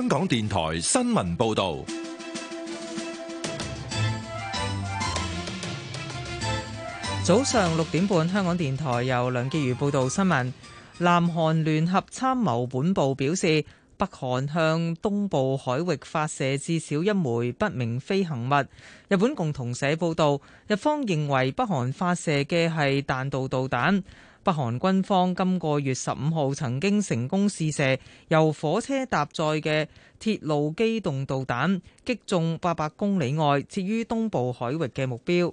香港電台新聞報道，早上六點半，香港電台由梁潔如報道新聞。南韓聯合參謀本部表示，北韓向東部海域發射至少一枚不明飛行物。日本共同社報道，日方認為北韓發射嘅係彈道導彈。北韓軍方今個月十五號曾經成功試射由火車搭載嘅鐵路機動導彈，擊中八百公里外設於東部海域嘅目標。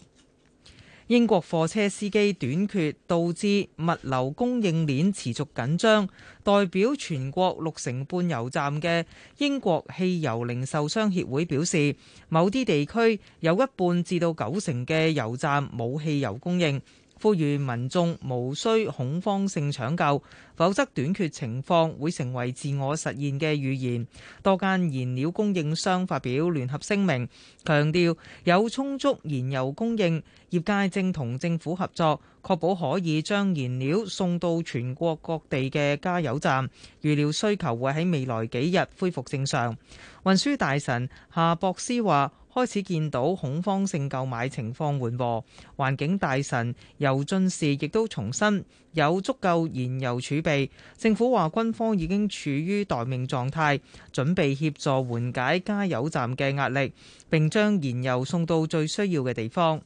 英國貨車司機短缺導致物流供應鏈持續緊張，代表全國六成半油站嘅英國汽油零售商協會表示，某啲地區有一半至到九成嘅油站冇汽油供應。呼籲民眾無需恐慌性搶救，否則短缺情況會成為自我實現嘅預言。多間燃料供應商發表聯合聲明，強調有充足燃油供應，業界正同政府合作，確保可以將燃料送到全國各地嘅加油站。預料需求會喺未來幾日恢復正常。運輸大臣夏博斯話。開始見到恐慌性購買情況緩和，環境大臣尤進士亦都重申有足夠燃油儲備。政府話軍方已經處於待命狀態，準備協助緩解加油站嘅壓力，並將燃油送到最需要嘅地方。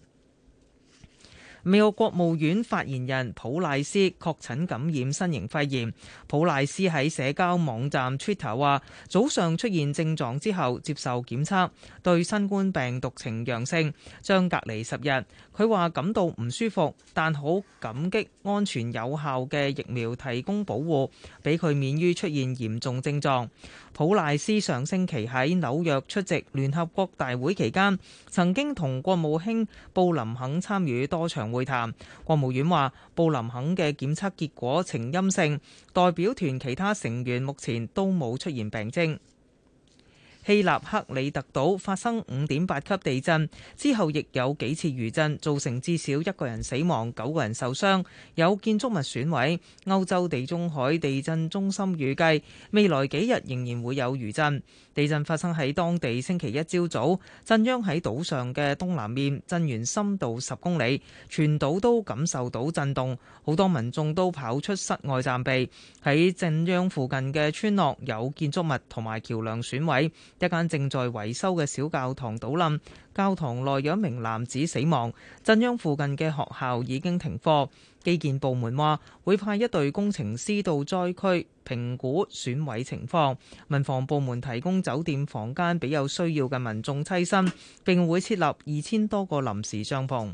美國國務院發言人普賴斯確診感染新型肺炎。普賴斯喺社交網站 Twitter 話：早上出現症狀之後接受檢測，對新冠病毒呈陽性，將隔離十日。佢話感到唔舒服，但好感激安全有效嘅疫苗提供保護，俾佢免於出現嚴重症狀。普賴斯上星期喺紐約出席聯合國大會期間，曾經同國務卿布林肯參與多場會談，國務院話布林肯嘅檢測結果呈陰性，代表團其他成員目前都冇出現病徵。希臘克里特島發生5.8級地震之後，亦有幾次餘震，造成至少一個人死亡、九個人受傷，有建築物損毀。歐洲地中海地震中心預計，未來幾日仍然會有餘震。地震發生喺當地星期一朝早，震央喺島上嘅東南面，震源深度十公里，全島都感受到震動，好多民眾都跑出室外暫避。喺震央附近嘅村落有建築物同埋橋樑損毀。一間正在維修嘅小教堂倒冧，教堂內有一名男子死亡。震央附近嘅學校已經停課，基建部門話會派一隊工程師到災區評估損毀情況。民防部門提供酒店房間俾有需要嘅民眾棲身，並會設立二千多個臨時帳篷。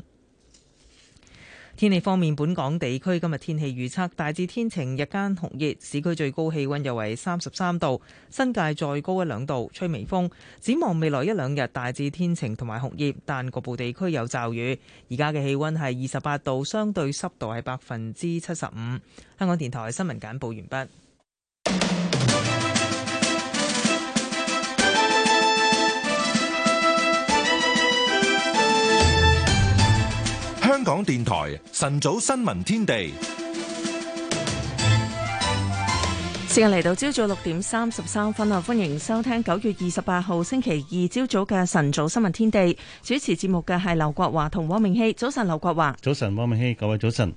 天氣方面，本港地區今日天氣預測大致天晴，日間酷熱，市區最高氣溫又為三十三度，新界再高一兩度，吹微風。展望未來一兩日，大致天晴同埋酷熱，但局部地區有驟雨。而家嘅氣溫係二十八度，相對濕度係百分之七十五。香港電台新聞簡報完畢。香港電台晨早新聞天地，時間嚟到朝早六點三十三分啊，歡迎收聽九月二十八號星期二朝早嘅晨早新聞天地。主持節目嘅係劉國華同汪明熙。早晨，劉國華。早晨，汪明熙，各位早晨。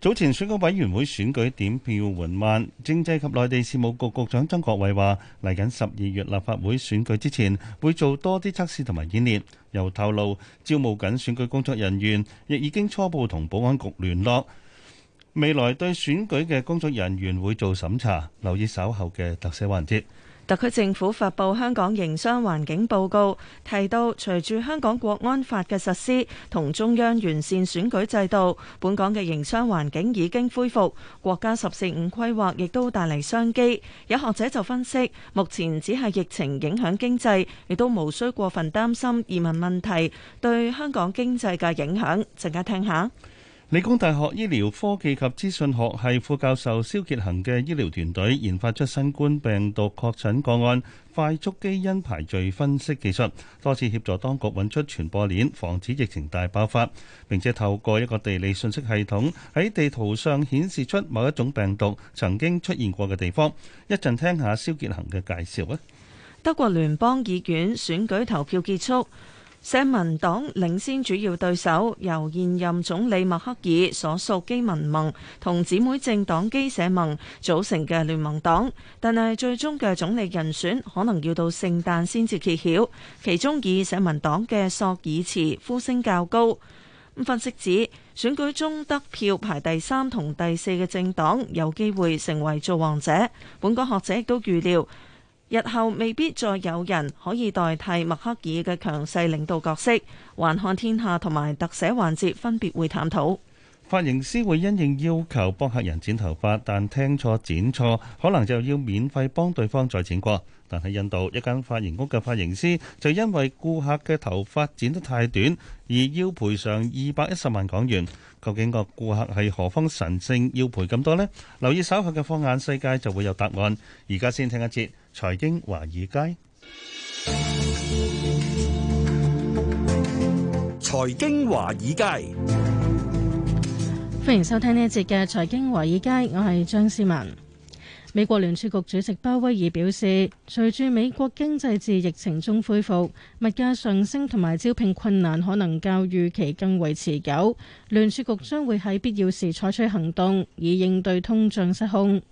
早前選舉委員會選舉點票緩慢，政制及內地事務局局長曾國衛話：嚟緊十二月立法會選舉之前，會做多啲測試同埋演練。又透露招募緊選舉工作人員，亦已經初步同保安局聯絡。未來對選舉嘅工作人員會做審查，留意稍後嘅特寫環節。特區政府發布香港營商環境報告，提到隨住香港國安法嘅實施同中央完善選舉制度，本港嘅營商環境已經恢復。國家十四五規劃亦都帶嚟商機。有學者就分析，目前只係疫情影響經濟，亦都無需過分擔心移民問題對香港經濟嘅影響。陣間聽下。理工大學醫療科技及資訊學系副教授蕭傑恒嘅醫療團隊研發出新冠病毒確診個案快速基因排序分析技術，多次協助當局揾出傳播鏈，防止疫情大爆發，並且透過一個地理信息系統喺地圖上顯示出某一種病毒曾經出現過嘅地方。一陣聽下蕭傑恒嘅介紹啊！德國聯邦議院選舉投票結束。社民黨領先主要對手，由現任總理默克爾所屬基民盟同姊妹政黨基社盟組成嘅聯盟黨，但係最終嘅總理人選可能要到聖誕先至揭曉。其中以社民黨嘅索爾茨呼聲較高。分析指，選舉中得票排第三同第四嘅政黨有機會成為造王者。本港學者亦都預料。日後未必再有人可以代替默克爾嘅強勢領導角色。橫看天下同埋特寫環節分別會探討。髮型師會因應要求幫客人剪頭髮，但聽錯剪錯可能就要免費幫對方再剪過。但喺印度，一間髮型屋嘅髮型師就因為顧客嘅頭髮剪得太短而要賠償二百一十萬港元。究竟個顧客係何方神聖要賠咁多呢？留意稍後嘅《放眼世界》就會有答案。而家先聽一節。財經華爾街，財經華爾街，歡迎收聽呢一節嘅財經華爾街，我係張思文。美國聯儲局主席鮑威爾表示，隨住美國經濟自疫情中恢復，物價上升同埋招聘困難可能較預期更為持久。聯儲局將會喺必要時採取行動，以應對通脹失控。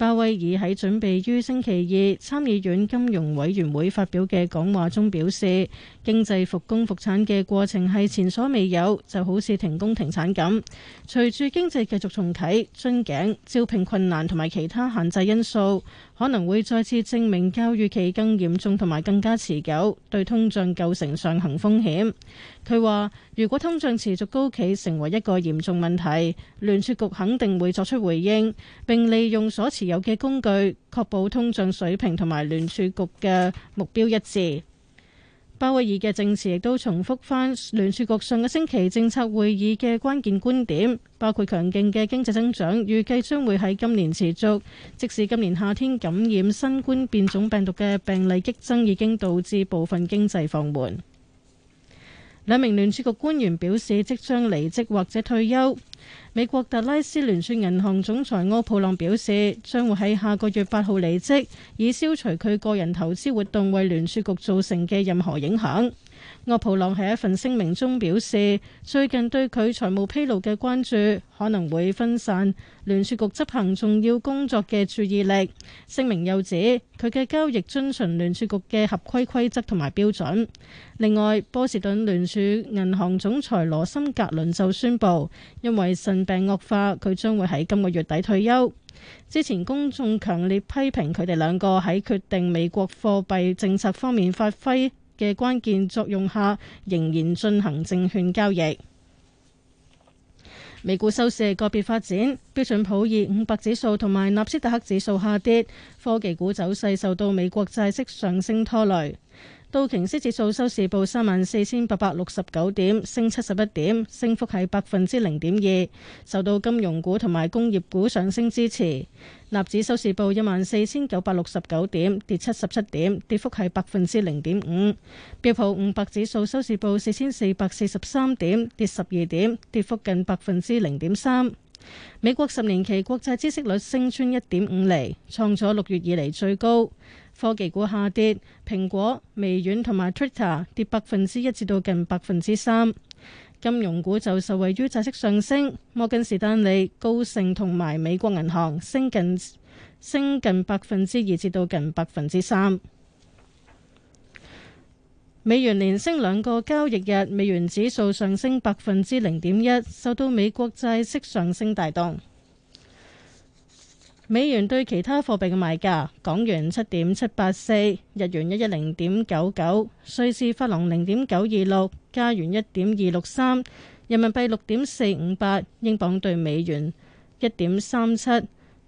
鮑威爾喺準備於星期二參議院金融委員會發表嘅講話中表示，經濟復工復產嘅過程係前所未有，就好似停工停產咁。隨住經濟繼續重啟，樽頸、招聘困難同埋其他限制因素，可能會再次證明較預期更嚴重同埋更加持久，對通脹構成上行風險。佢話，如果通脹持續高企，成為一個嚴重問題，聯儲局肯定會作出回應，並利用所持有嘅工具確保通脹水平同埋聯儲局嘅目標一致。鮑威爾嘅證詞亦都重複返聯儲局上個星期政策會議嘅關鍵觀點，包括強勁嘅經濟增長預計將會喺今年持續，即使今年夏天感染新冠變種病毒嘅病例激增已經導致部分經濟放緩。兩名聯儲局官員表示，即將離職或者退休。美國達拉斯聯儲銀行總裁歐普朗表示，將會喺下個月八號離職，以消除佢個人投資活動為聯儲局造成嘅任何影響。沃普朗喺一份聲明中表示，最近對佢財務披露嘅關注可能會分散聯儲局執行重要工作嘅注意力。聲明又指，佢嘅交易遵循聯儲局嘅合規規則同埋標準。另外，波士頓聯儲銀行總裁羅森格倫就宣布，因為腎病惡化，佢將會喺今個月底退休。之前公眾強烈批評佢哋兩個喺決定美國貨幣政策方面發揮。嘅關鍵作用下，仍然進行證券交易。美股收市個別發展，標準普爾五百指數同埋納斯達克指數下跌，科技股走勢受到美國債息上升拖累。道瓊斯指數收市報三萬四千八百六十九點，升七十一點，升幅係百分之零點二，受到金融股同埋工業股上升支持。納指收市報一萬四千九百六十九點，跌七十七點，跌幅係百分之零點五。標普五百指數收市報四千四百四十三點，跌十二點，跌幅近百分之零點三。美國十年期國債孳息率升穿一點五厘，創咗六月以嚟最高。科技股下跌，蘋果、微軟同埋 Twitter 跌百分之一至到近百分之三。金融股就受惠於債息上升，摩根士丹利、高盛同埋美國銀行升近升近百分之二至到近百分之三。美元連升兩個交易日，美元指數上升百分之零點一，受到美國債息上升帶動。美元對其他貨幣嘅賣價：港元七點七八四，日元一一零點九九，瑞士法郎零點九二六，加元一點二六三，人民幣六點四五八，英鎊兌美元一點三七，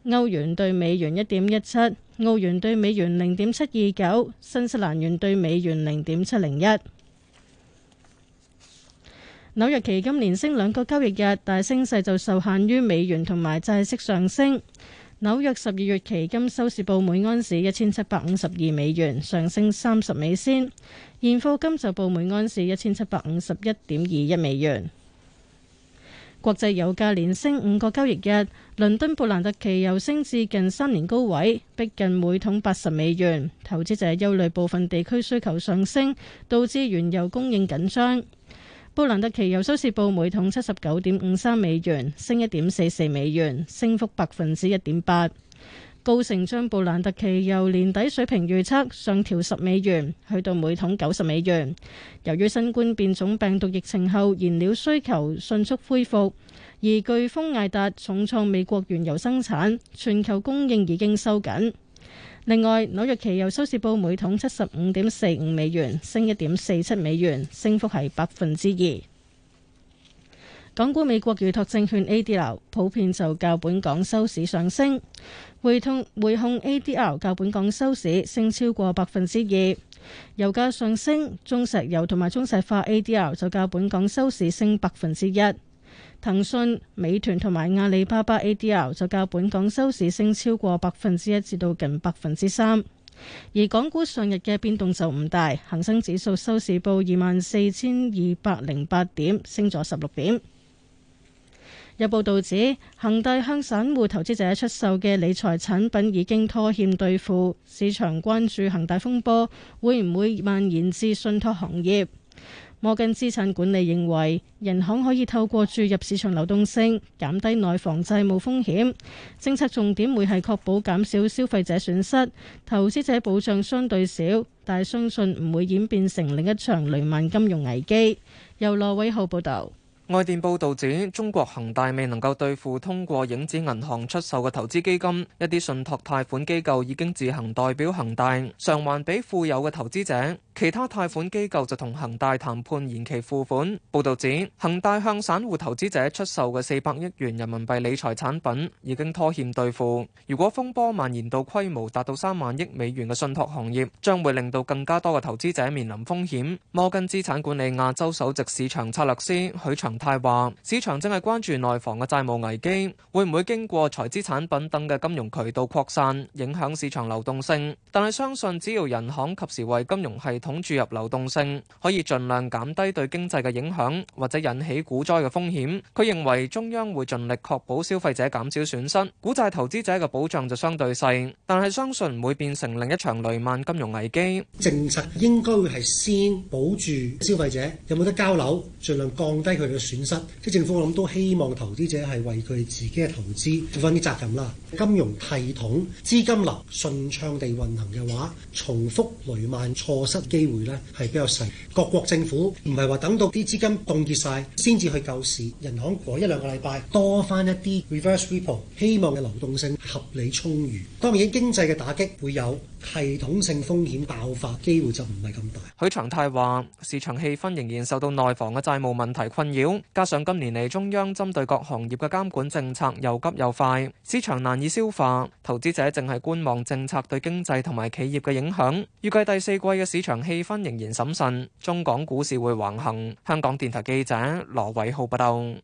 歐元兌美元一點一七，澳元兌美元零點七二九，新西蘭元兌美元零點七零一。紐約期金連升兩個交易日，大升勢就受限於美元同埋債息上升。紐約十二月期金收市報每安士一千七百五十二美元，上升三十美仙。現貨金就報每安士一千七百五十一點二一美元。國際油價連升五個交易日，倫敦布蘭特期油升至近三年高位，逼近每桶八十美元。投資者憂慮部分地區需求上升，導致原油供應緊張。布蘭特期油收市報每桶七十九點五三美元，升一點四四美元，升幅百分之一點八。高盛將布蘭特期油年底水平預測上調十美元，去到每桶九十美元。由於新冠變種病毒疫情後燃料需求迅速恢復，而颶風艾達重創美國原油生產，全球供應已經收緊。另外，紐約期油收市報每桶七十五點四五美元，升一點四七美元，升幅係百分之二。港股美國預託證券 ADR 普遍就較本港收市上升，匯控匯控 ADR 較本港收市升超過百分之二，油價上升，中石油同埋中石化 ADR 就較本港收市升百分之一。騰訊、美團同埋阿里巴巴 ADR 就較本港收市升超過百分之一，至到近百分之三。而港股上日嘅變動就唔大，恒生指數收市報二萬四千二百零八點，升咗十六點。有報道指，恒大向散戶投資者出售嘅理財產品已經拖欠兌付，市場關注恒大風波會唔會蔓延至信託行業。摩根資產管理認為，人行可以透過注入市場流動性，減低內房債務風險。政策重點會係確保減少消費者損失，投資者保障相對少，但相信唔會演變成另一場雷曼金融危機。由羅偉浩報導。外電報道指，中國恒大未能夠兌付通過影子銀行出售嘅投資基金，一啲信託貸款機構已經自行代表恒大償還俾富有嘅投資者，其他貸款機構就同恒大談判判延期付款。報道指，恒大向散戶投資者出售嘅四百億元人民幣理財產品已經拖欠兌付。如果風波蔓延到規模達到三萬億美元嘅信託行業，將會令到更加多嘅投資者面臨風險。摩根資產管理亞洲首席市場策略師許長。他話：市場正係關注內房嘅債務危機，會唔會經過財資產品等嘅金融渠道擴散，影響市場流動性？但係相信只要銀行及時為金融系統注入流動性，可以盡量減低對經濟嘅影響，或者引起股災嘅風險。佢認為中央會盡力確保消費者減少損失，股債投資者嘅保障就相對細。但係相信唔會變成另一場雷曼金融危機。政策應該會係先保住消費者有冇得交樓，盡量降低佢嘅損失。損失，即政府，我諗都希望投資者係為佢自己嘅投資負翻啲責任啦。金融系統資金流順暢地運行嘅話，重複雷曼錯失機會咧係比較細。各國政府唔係話等到啲資金凍結晒先至去救市，銀行過一兩個禮拜多翻一啲 reverse repo，希望嘅流動性合理充裕。當然經濟嘅打擊會有系統性風險爆發機會，就唔係咁大。許長泰話：市場氣氛仍然受到內房嘅債務問題困擾。加上今年嚟，中央針對各行業嘅監管政策又急又快，市場難以消化，投資者淨係觀望政策對經濟同埋企業嘅影響。預計第四季嘅市場氣氛仍然審慎，中港股市會橫行。香港電台記者羅偉浩報道。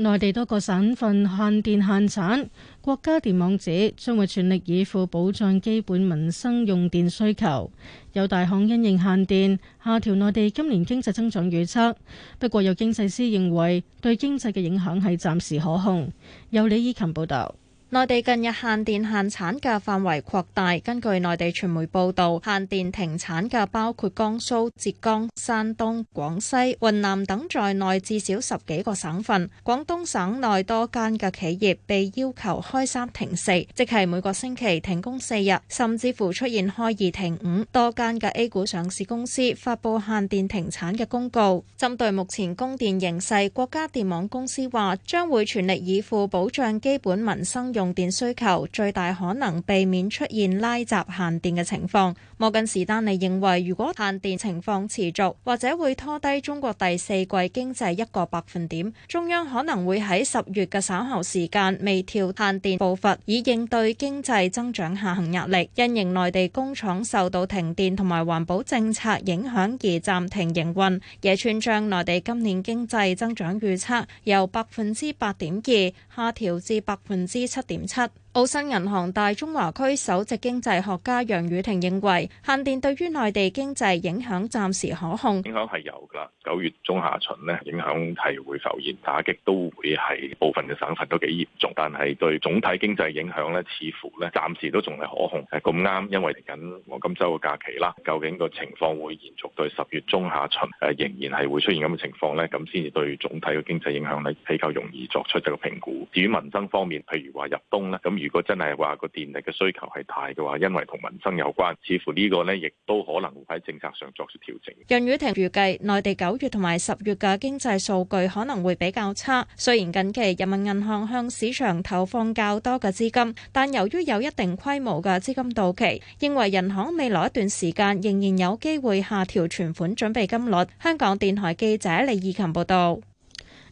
內地多個省份限電限產，國家電網指將會全力以赴保障基本民生用電需求。有大行因應限電，下調內地今年經濟增長預測。不過有經濟師認為，對經濟嘅影響係暫時可控。由李以琴報道。內地近日限電限產嘅範圍擴大，根據內地傳媒報道，限電停產嘅包括江蘇、浙江、山東、廣西、雲南等在內至少十幾個省份。廣東省內多間嘅企業被要求開三停四，即係每個星期停工四日，甚至乎出現開二停五。多間嘅 A 股上市公司發布限電停產嘅公告。針對目前供電形勢，國家電網公司話將會全力以赴保障基本民生用電需求最大可能避免出現拉閘限電嘅情況。摩根士丹利認為，如果限電情況持續，或者會拖低中國第四季經濟一個百分點。中央可能會喺十月嘅稍後時間微調限電步伐，以應對經濟增長下行壓力。因應內地工廠受到停電同埋環保政策影響而暫停營運，野村將內地今年經濟增長預測由百分之八點二下調至百分之七，點七。澳新銀行大中華區首席經濟學家楊宇霆認為，限電對於內地經濟影響暫時可控。影響係有㗎喇，九月中下旬呢，影響係會浮現打擊，都會係部分嘅省份都幾嚴重。但係對總體經濟影響呢，似乎呢，暫時都仲係可控。係咁啱，因為嚟緊黃金周嘅假期啦。究竟個情況會延續到十月中下旬，誒仍然係會出現咁嘅情況呢？咁先至對總體嘅經濟影響呢，比較容易作出一個評估。至於民生方面，譬如話入冬呢。咁。如果真係話個電力嘅需求係大嘅話，因為同民生有關，似乎呢個咧亦都可能會喺政策上作出調整。楊雨婷預計內地九月同埋十月嘅經濟數據可能會比較差。雖然近期人民銀行向市場投放較多嘅資金，但由於有一定規模嘅資金到期，認為人行未來一段時間仍然有機會下調存款準備金率。香港電台記者李怡琴報道。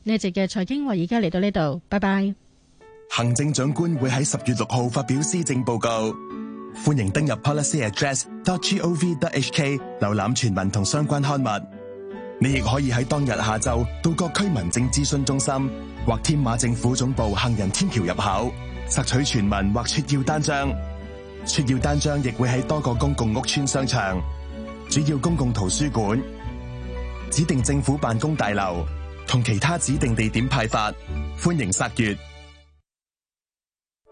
呢集嘅財經話，而家嚟到呢度，拜拜。行政長官會喺十月六號發表施政報告，歡迎登入 policyaddress.gov.hk 瀏覽全文同相關刊物。你亦可以喺當日下晝到各區民政諮詢中心或天馬政府總部行人天橋入口索取全文或撮要單張。撮要單張亦會喺多個公共屋邨、商場、主要公共圖書館、指定政府辦公大樓同其他指定地點派發。歡迎十月。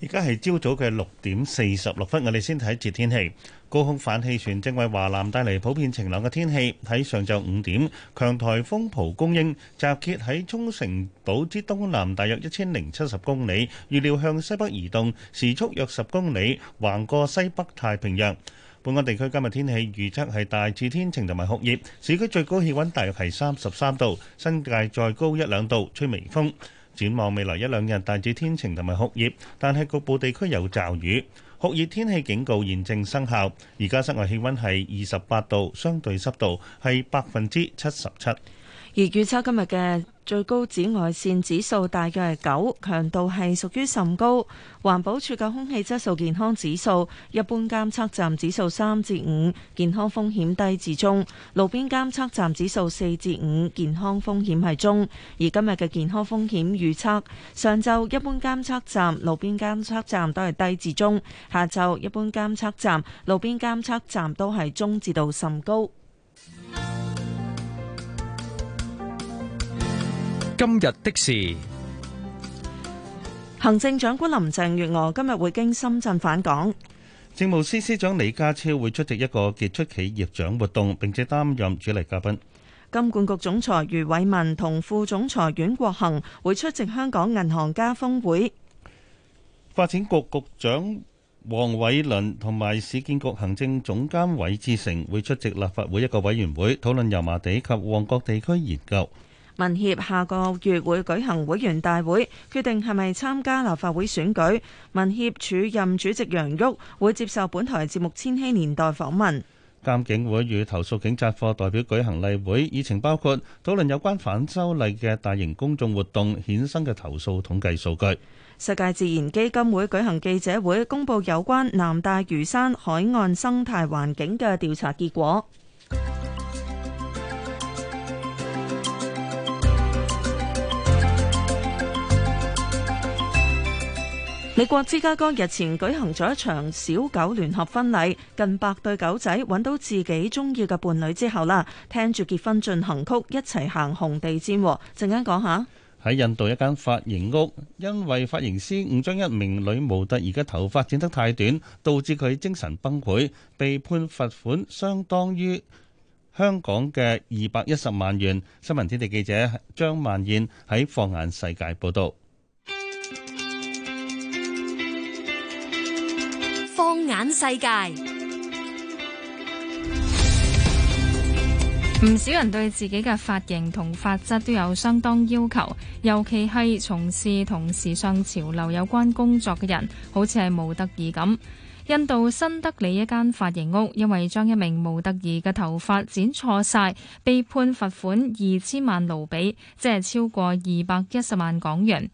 而家係朝早嘅六點四十六分，我哋先睇一節天氣。高空反氣旋正為華南帶嚟普遍晴朗嘅天氣。喺上晝五點，強颱風蒲公英集結喺沖繩島之東南大約一千零七十公里，預料向西北移動，時速約十公里，橫過西北太平洋。本港地區今日天氣預測係大致天晴同埋酷熱，市區最高氣溫大約係三十三度，新界再高一兩度，吹微風。展望未來一兩日，大致天晴同埋酷熱，但係局部地區有驟雨。酷熱天氣警告現正生效。而家室外氣溫係二十八度，相對濕度係百分之七十七。而預測今日嘅最高紫外線指數大約係九，強度係屬於甚高。環保署嘅空氣質素健康指數，一般監測站指數三至五，健康風險低至中；路邊監測站指數四至五，健康風險係中。而今日嘅健康風險預測，上晝一般監測站、路邊監測站都係低至中；下晝一般監測站、路邊監測站都係中至到甚高。今日的事，行政長官林鄭月娥今日會經深圳返港。政務司司長李家超會出席一個傑出企業獎活動，並且擔任主禮嘉賓。金管局總裁余偉文同副總裁阮國恒會出席香港銀行家峰會。發展局局長黃偉綸同埋市建局行政總監韋志成會出席立法會一個委員會討論油麻地及旺角地區研究。民協下個月會舉行會員大會，決定係咪參加立法會選舉。民協署任主席楊旭會接受本台節目《千禧年代》訪問。監警會與投訴警察課代表舉行例會，議程包括討論有關反修例嘅大型公眾活動衍生嘅投訴統計數據。世界自然基金會舉行記者會，公布有關南大嶼山海岸生態環境嘅調查結果。美國芝加哥日前舉行咗一場小狗聯合婚禮，近百對狗仔揾到自己中意嘅伴侶之後啦，聽住結婚進行曲，一齊行紅地毯。陣間講下，喺印度一間髮型屋，因為髮型師誤將一名女模特兒嘅頭髮剪得太短，導致佢精神崩潰，被判罰款相當於香港嘅二百一十萬元。新聞天地記者張曼燕喺放眼世界報道。放眼世界，唔少人對自己嘅髮型同髮質都有相當要求，尤其係從事同時尚潮流有關工作嘅人，好似係模特兒咁。印度新德里一間髮型屋因為將一名模特兒嘅頭髮剪錯晒，被判罰款二千萬盧比，即係超過二百一十萬港元。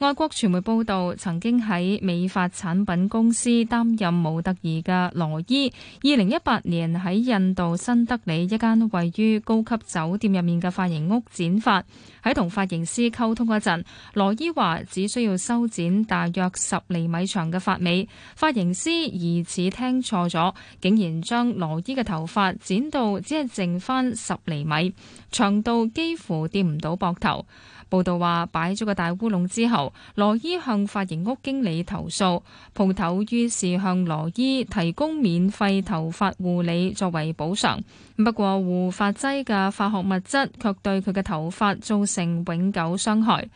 外國傳媒報道，曾經喺美髮產品公司擔任模特兒嘅羅伊，二零一八年喺印度新德里一間位於高級酒店入面嘅髮型屋剪髮，喺同髮型師溝通嗰陣，羅伊話只需要修剪大約十厘米長嘅髮尾，髮型師疑似聽錯咗，竟然將羅伊嘅頭髮剪到只係剩翻十厘米長度，幾乎掂唔到膊頭。報道話，擺咗個大烏龍之後，羅伊向髮型屋經理投訴，鋪頭於是向羅伊提供免費頭髮護理作為補償。不過，護髮劑嘅化學物質卻對佢嘅頭髮造成永久傷害。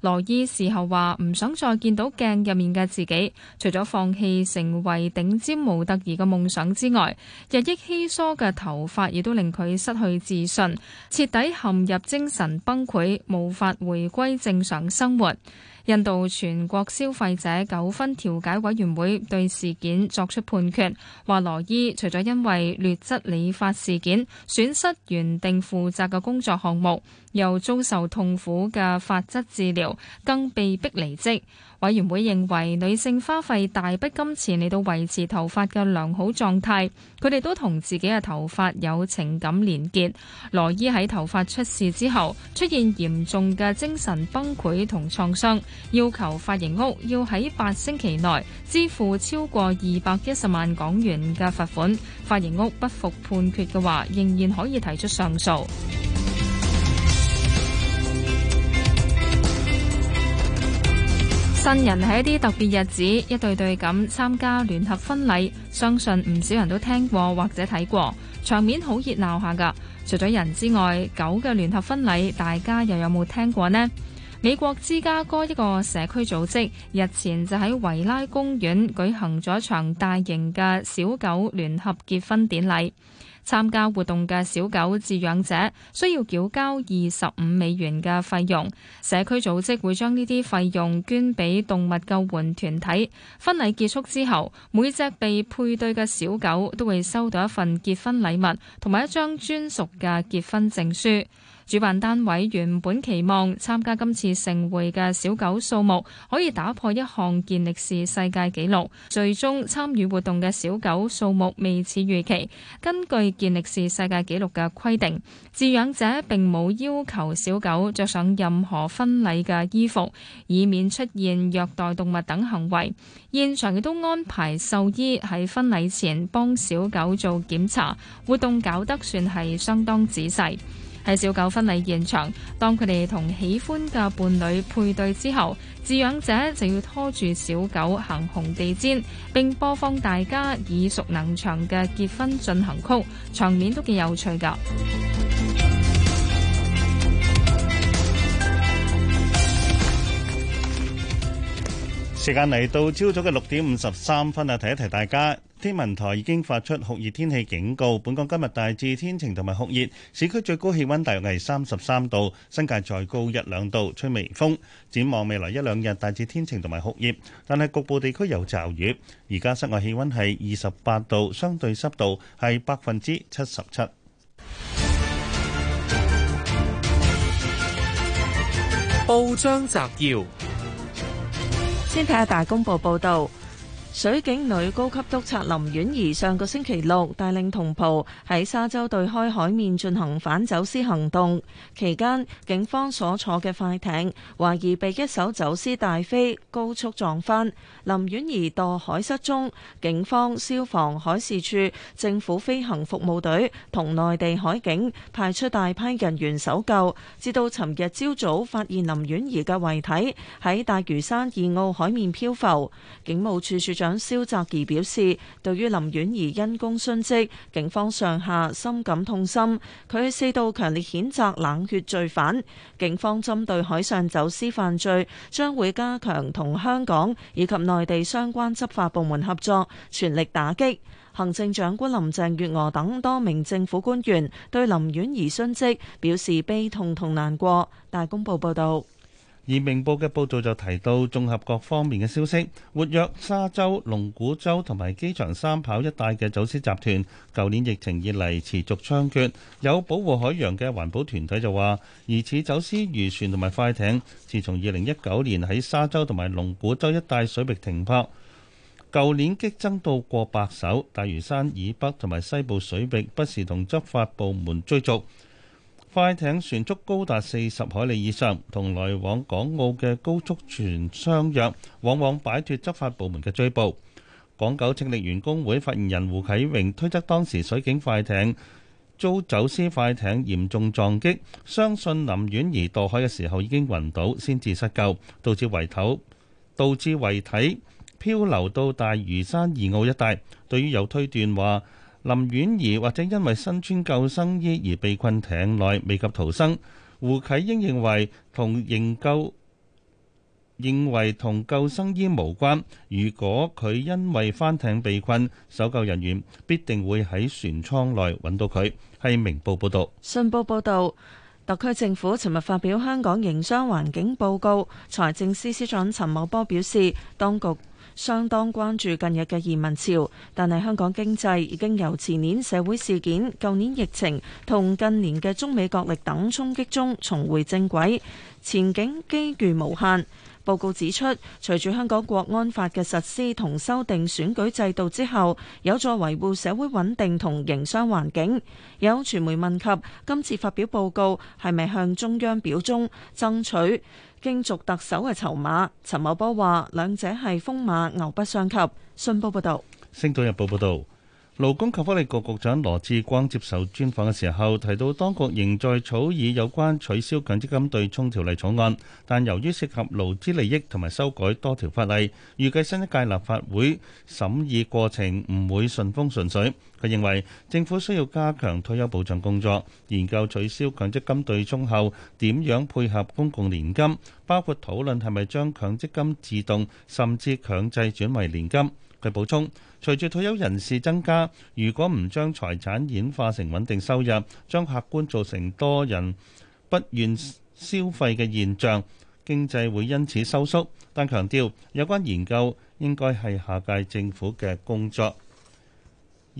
羅伊事後話唔想再見到鏡入面嘅自己，除咗放棄成為頂尖模特兒嘅夢想之外，日益稀疏嘅頭髮亦都令佢失去自信，徹底陷入精神崩潰，無法回歸正常生活。印度全國消費者糾紛調解委員會對事件作出判決，話羅伊除咗因為劣質理髮事件，損失原定負責嘅工作項目。又遭受痛苦嘅髮質治療，更被迫離職。委員會認為女性花費大筆金錢嚟到維持頭髮嘅良好狀態，佢哋都同自己嘅頭髮有情感連結。羅伊喺頭髮出事之後，出現嚴重嘅精神崩潰同創傷，要求髮型屋要喺八星期內支付超過二百一十萬港元嘅罰款。髮型屋不服判決嘅話，仍然可以提出上訴。新人喺一啲特別日子，一對對咁參加聯合婚禮，相信唔少人都聽過或者睇過，場面好熱鬧下噶。除咗人之外，狗嘅聯合婚禮，大家又有冇聽過呢？美國芝加哥一個社區組織日前就喺維拉公園舉行咗一場大型嘅小狗聯合結婚典禮。參加活動嘅小狗飼養者需要繳交二十五美元嘅費用，社區組織會將呢啲費用捐畀動物救援團體。婚禮結束之後，每隻被配對嘅小狗都會收到一份結婚禮物同埋一張專屬嘅結婚證書。主辦單位原本期望參加今次盛會嘅小狗數目可以打破一項健力士世界紀錄，最終參與活動嘅小狗數目未似預期。根據健力士世界紀錄嘅規定，飼養者並冇要求小狗着上任何婚禮嘅衣服，以免出現虐待動物等行為。現場亦都安排獸醫喺婚禮前幫小狗做檢查，活動搞得算係相當仔細。喺小狗婚禮現場，當佢哋同喜歡嘅伴侶配對之後，飼養者就要拖住小狗行紅地毯，並播放大家耳熟能詳嘅結婚進行曲，場面都幾有趣噶。時間嚟到朝早嘅六點五十三分啦，提一提大家，天文台已經發出酷熱天氣警告。本港今日大致天晴同埋酷熱，市區最高氣溫大約係三十三度，新界再高一兩度，吹微風。展望未來一兩日，大致天晴同埋酷熱，但係局部地區有驟雨。而家室外氣溫係二十八度，相對濕度係百分之七十七。報章摘要。先睇下大公報報道。水警女高級督察林婉儀上個星期六帶領同袍喺沙洲對開海面進行反走私行動，期間警方所坐嘅快艇懷疑被一艘走私大飛高速撞翻，林婉儀墮海失蹤。警方、消防、海事處、政府飛行服務隊同內地海警派出大批人員搜救，至到尋日朝早發現林婉儀嘅遺體喺大嶼山二澳海面漂浮。警務處處長。警務處處長蕭澤頤表示，對於林婉儀因公殉職，警方上下深感痛心。佢四度強烈譴責冷血罪犯，警方針對海上走私犯罪，將會加強同香港以及內地相關執法部門合作，全力打擊。行政長官林鄭月娥等多名政府官員對林婉儀殉職表示悲痛同難過。大公報報道。而明報嘅報道就提到綜合各方面嘅消息，活躍沙洲、龍鼓洲同埋機場三跑一帶嘅走私集團，舊年疫情以嚟持續猖獗。有保護海洋嘅環保團體就話，疑似走私漁船同埋快艇，自從二零一九年喺沙洲同埋龍鼓洲一帶水域停泊，舊年激增到過百艘。大嶼山以北同埋西部水域不時同執法部門追逐。快艇船速高達四十海里以上，同來往港澳嘅高速船相約，往往擺脫執法部門嘅追捕。港九清力員工會發言人胡啟榮推測，當時水警快艇遭走私快艇嚴重撞擊，相信林婉儀墮海嘅時候已經暈倒，先至失救，導致遺導致遺體漂流到大嶼山二澳一帶，對於有推斷話，林婉儀或者因為身穿救生衣而被困艇內，未及逃生。胡啟英認為同仍救認為同救生衣無關，如果佢因為翻艇被困，搜救人員必定會喺船艙內揾到佢。係明報報道，信報報道，特區政府尋日發表香港營商環境報告，財政司司長陳茂波表示，當局。相當關注近日嘅移民潮，但係香港經濟已經由前年社會事件、舊年疫情同近年嘅中美角力等衝擊中重回正軌，前景機遇無限。報告指出，隨住香港國安法嘅實施同修訂選舉制度之後，有助維護社會穩定同營商環境。有傳媒問及今次發表報告係咪向中央表忠爭取競逐特首嘅籌碼，陳茂波話兩者係風馬牛不相及。信報報道，星島日報報道。勞工及福利局局長羅志光接受專訪嘅時候提到，當局仍在草擬有關取消強積金對沖條例草案，但由於涉及勞資利益同埋修改多條法例，預計新一屆立法會審議過程唔會順風順水。佢認為政府需要加強退休保障工作，研究取消強積金對沖後點樣配合公共年金，包括討論係咪將強積金自動甚至強制轉為年金。佢補充。隨住退休人士增加，如果唔將財產演化成穩定收入，將客觀造成多人不願消費嘅現象，經濟會因此收縮。但強調有關研究應該係下屆政府嘅工作。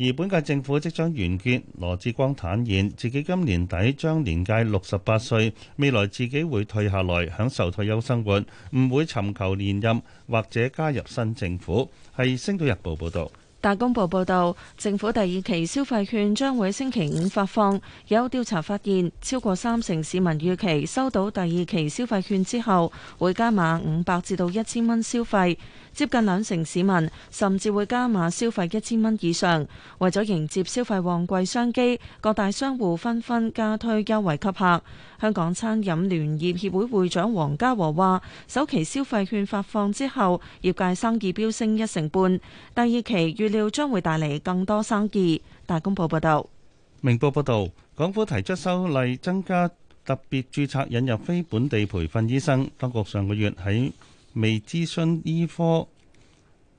而本屆政府即將完結，羅志光坦言自己今年底將年屆六十八歲，未來自己會退下來享受退休生活，唔會尋求連任或者加入新政府。係《星島日報》報道。《大公報》報道，政府第二期消費券將會星期五發放。有調查發現，超過三成市民預期收到第二期消費券之後，會加碼五百至到一千蚊消費。接近兩成市民甚至會加碼消費一千蚊以上，為咗迎接消費旺季商機，各大商戶紛紛加推優惠吸客。香港餐飲聯業協會會長黃家和話：首期消費券發放之後，業界生意飆升一成半，第二期預料將會帶嚟更多生意。大公報報道：「明報報道，港府提出修例增加特別註冊，引入非本地培訓醫生。當局上個月喺未諮詢醫科。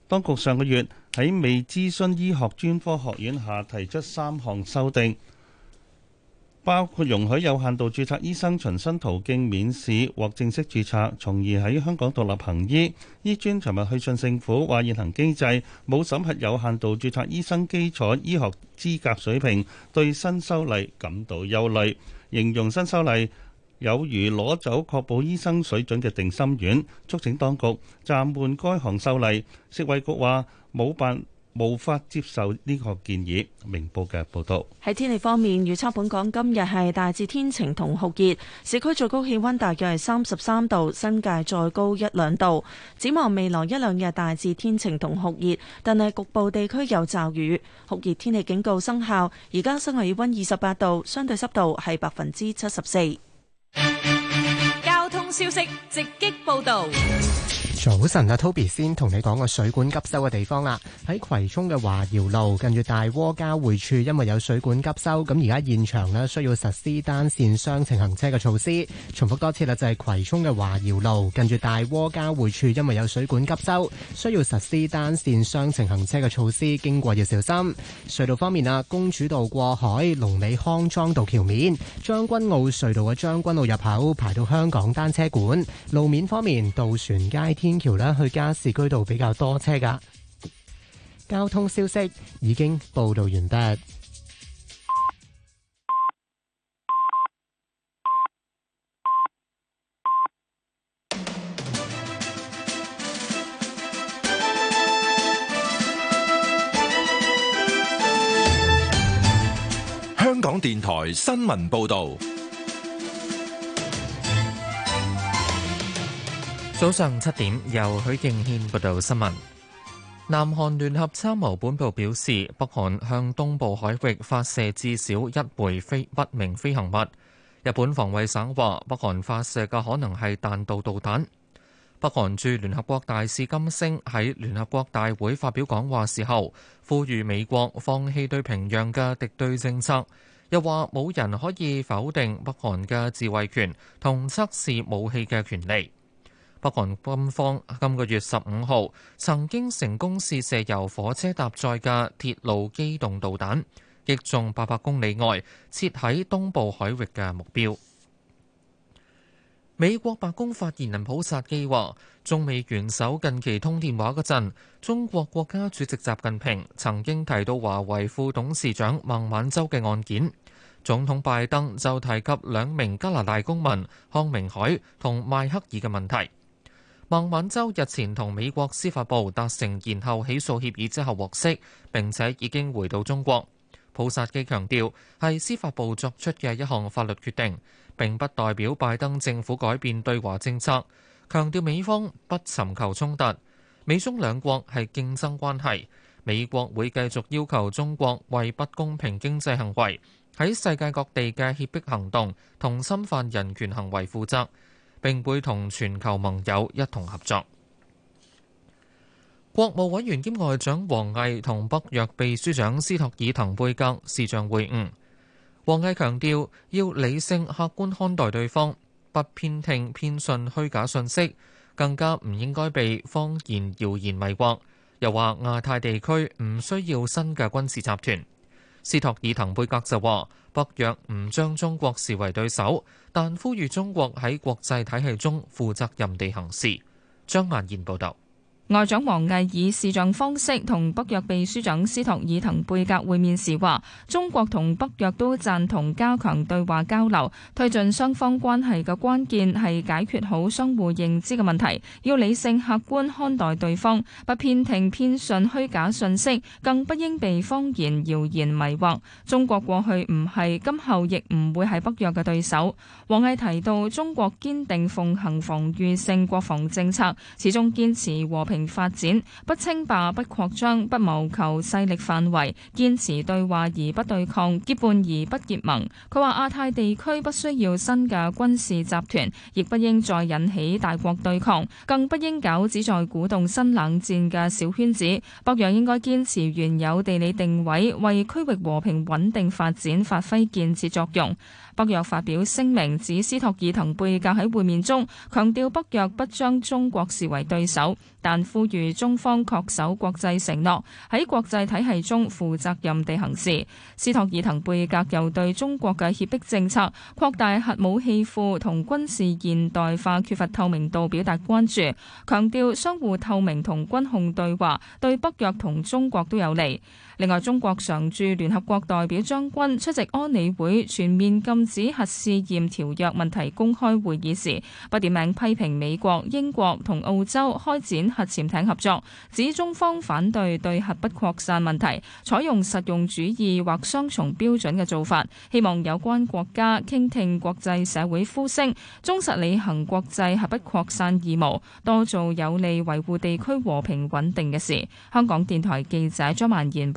當局上個月喺未諮詢醫學專科學院下提出三項修訂，包括容許有限度註冊醫生循新途徑免試或正式註冊，從而喺香港獨立行醫。醫專尋日去信政府，話現行機制冇審核有限度註冊醫生基礎醫學資格水平，對新修例感到憂慮，形容新修例，有如攞走確保醫生水準嘅定心丸，促請當局暫緩該項修例。食衞局話冇辦冇法接受呢個建議。明報嘅報道喺天氣方面預測，本港今日係大致天晴同酷熱，市區最高氣溫大約係三十三度，新界再高一兩度。展望未來一兩日大致天晴同酷熱，但係局部地區有驟雨。酷熱天氣警告生效，而家室外溫二十八度，相對濕度係百分之七十四。交通消息直擊報道。Yes. 早晨啊，Toby 先同你講個水管急修嘅地方啦。喺葵涌嘅華堯路近住大窩交匯處，因為有水管急修。咁而家現場呢需要實施單線雙程行車嘅措施。重複多次啦，就係、是、葵涌嘅華堯路近住大窩交匯處，因為有水管急修。需要實施單線雙程行車嘅措施，經過要小心。隧道方面啊，公主道過海、龍尾康莊道橋面、將軍澳隧道嘅將軍澳入口，排到香港單車館。路面方面，渡船街天。天橋啦，去加士居道比較多車噶。交通消息已經報道完畢。香港電台新聞報道。早上七點，由許敬軒報道新聞。南韓聯合參謀本部表示，北韓向東部海域發射至少一枚飛不明飛行物。日本防衛省話，北韓發射嘅可能係彈道導彈。北韓駐聯合國大使金星喺聯合國大會發表講話時候，呼籲美國放棄對平壤嘅敵對政策，又話冇人可以否定北韓嘅自衛權同測試武器嘅權利。北韓軍方今個月十五號曾經成功試射由火車搭載嘅鐵路機動導彈，擊中八百公里外設喺東部海域嘅目標。美國白宮發言人普薩基話，中美元首近期通電話嗰陣，中國國家主席習近平曾經提到華為副董事長孟晚舟嘅案件，總統拜登就提及兩名加拿大公民康明凱同邁克爾嘅問題。孟晚舟日前同美國司法部達成延後起訴協議之後獲釋，並且已經回到中國。普薩基強調，係司法部作出嘅一項法律決定，並不代表拜登政府改變對華政策。強調美方不尋求衝突，美中兩國係競爭關係，美國會繼續要求中國為不公平經濟行為喺世界各地嘅脅迫行動同侵犯人權行為負責。並會同全球盟友一同合作。國務委員兼外長王毅同北約秘書長斯托爾滕貝格視像會晤。王毅強調要理性客觀看待對方，不偏聽偏信虛假信息，更加唔應該被謊言謠言迷惑。又話亞太地區唔需要新嘅軍事集團。斯托爾滕貝格就話，北約唔將中國視為對手，但呼籲中國喺國際體系中負責任地行事。張晏燕報導。外長王毅以視像方式同北約秘書長斯托爾滕貝格會面時話：中國同北約都贊同加強對話交流，推進雙方關係嘅關鍵係解決好相互認知嘅問題，要理性客觀看待對方，不偏聽偏信虛假信息，更不應被謊言謠言迷惑。中國過去唔係，今後亦唔會係北約嘅對手。王毅提到，中國堅定奉行防禦性國防政策，始終堅持和平發展不稱霸、不擴張、不謀求勢力範圍，堅持對話而不對抗，結伴而不結盟。佢話亞太地區不需要新嘅軍事集團，亦不應再引起大國對抗，更不應搞只在鼓動新冷戰嘅小圈子。北約應該堅持原有地理定位，為區域和平穩定發展發揮建設作用。北約發表聲明指，斯托爾滕貝格喺會面中強調北約不將中國視為對手，但呼籲中方恪守國際承諾，喺國際體系中負責任地行事。斯托爾滕貝格又對中國嘅脅迫政策、擴大核武器庫同軍事現代化缺乏透明度表達關注，強調相互透明同軍控對話對北約同中國都有利。另外，中國常駐聯合國代表張軍出席安理會全面禁止核試驗條約問題公開會議時，不點名批評美國、英國同澳洲開展核潛艇合作，指中方反對對核不擴散問題採用實用主義或雙重標準嘅做法，希望有關國家傾聽國際社會呼聲，忠實履行國際核不擴散義務，多做有利維護地區和平穩定嘅事。香港電台記者張曼燕。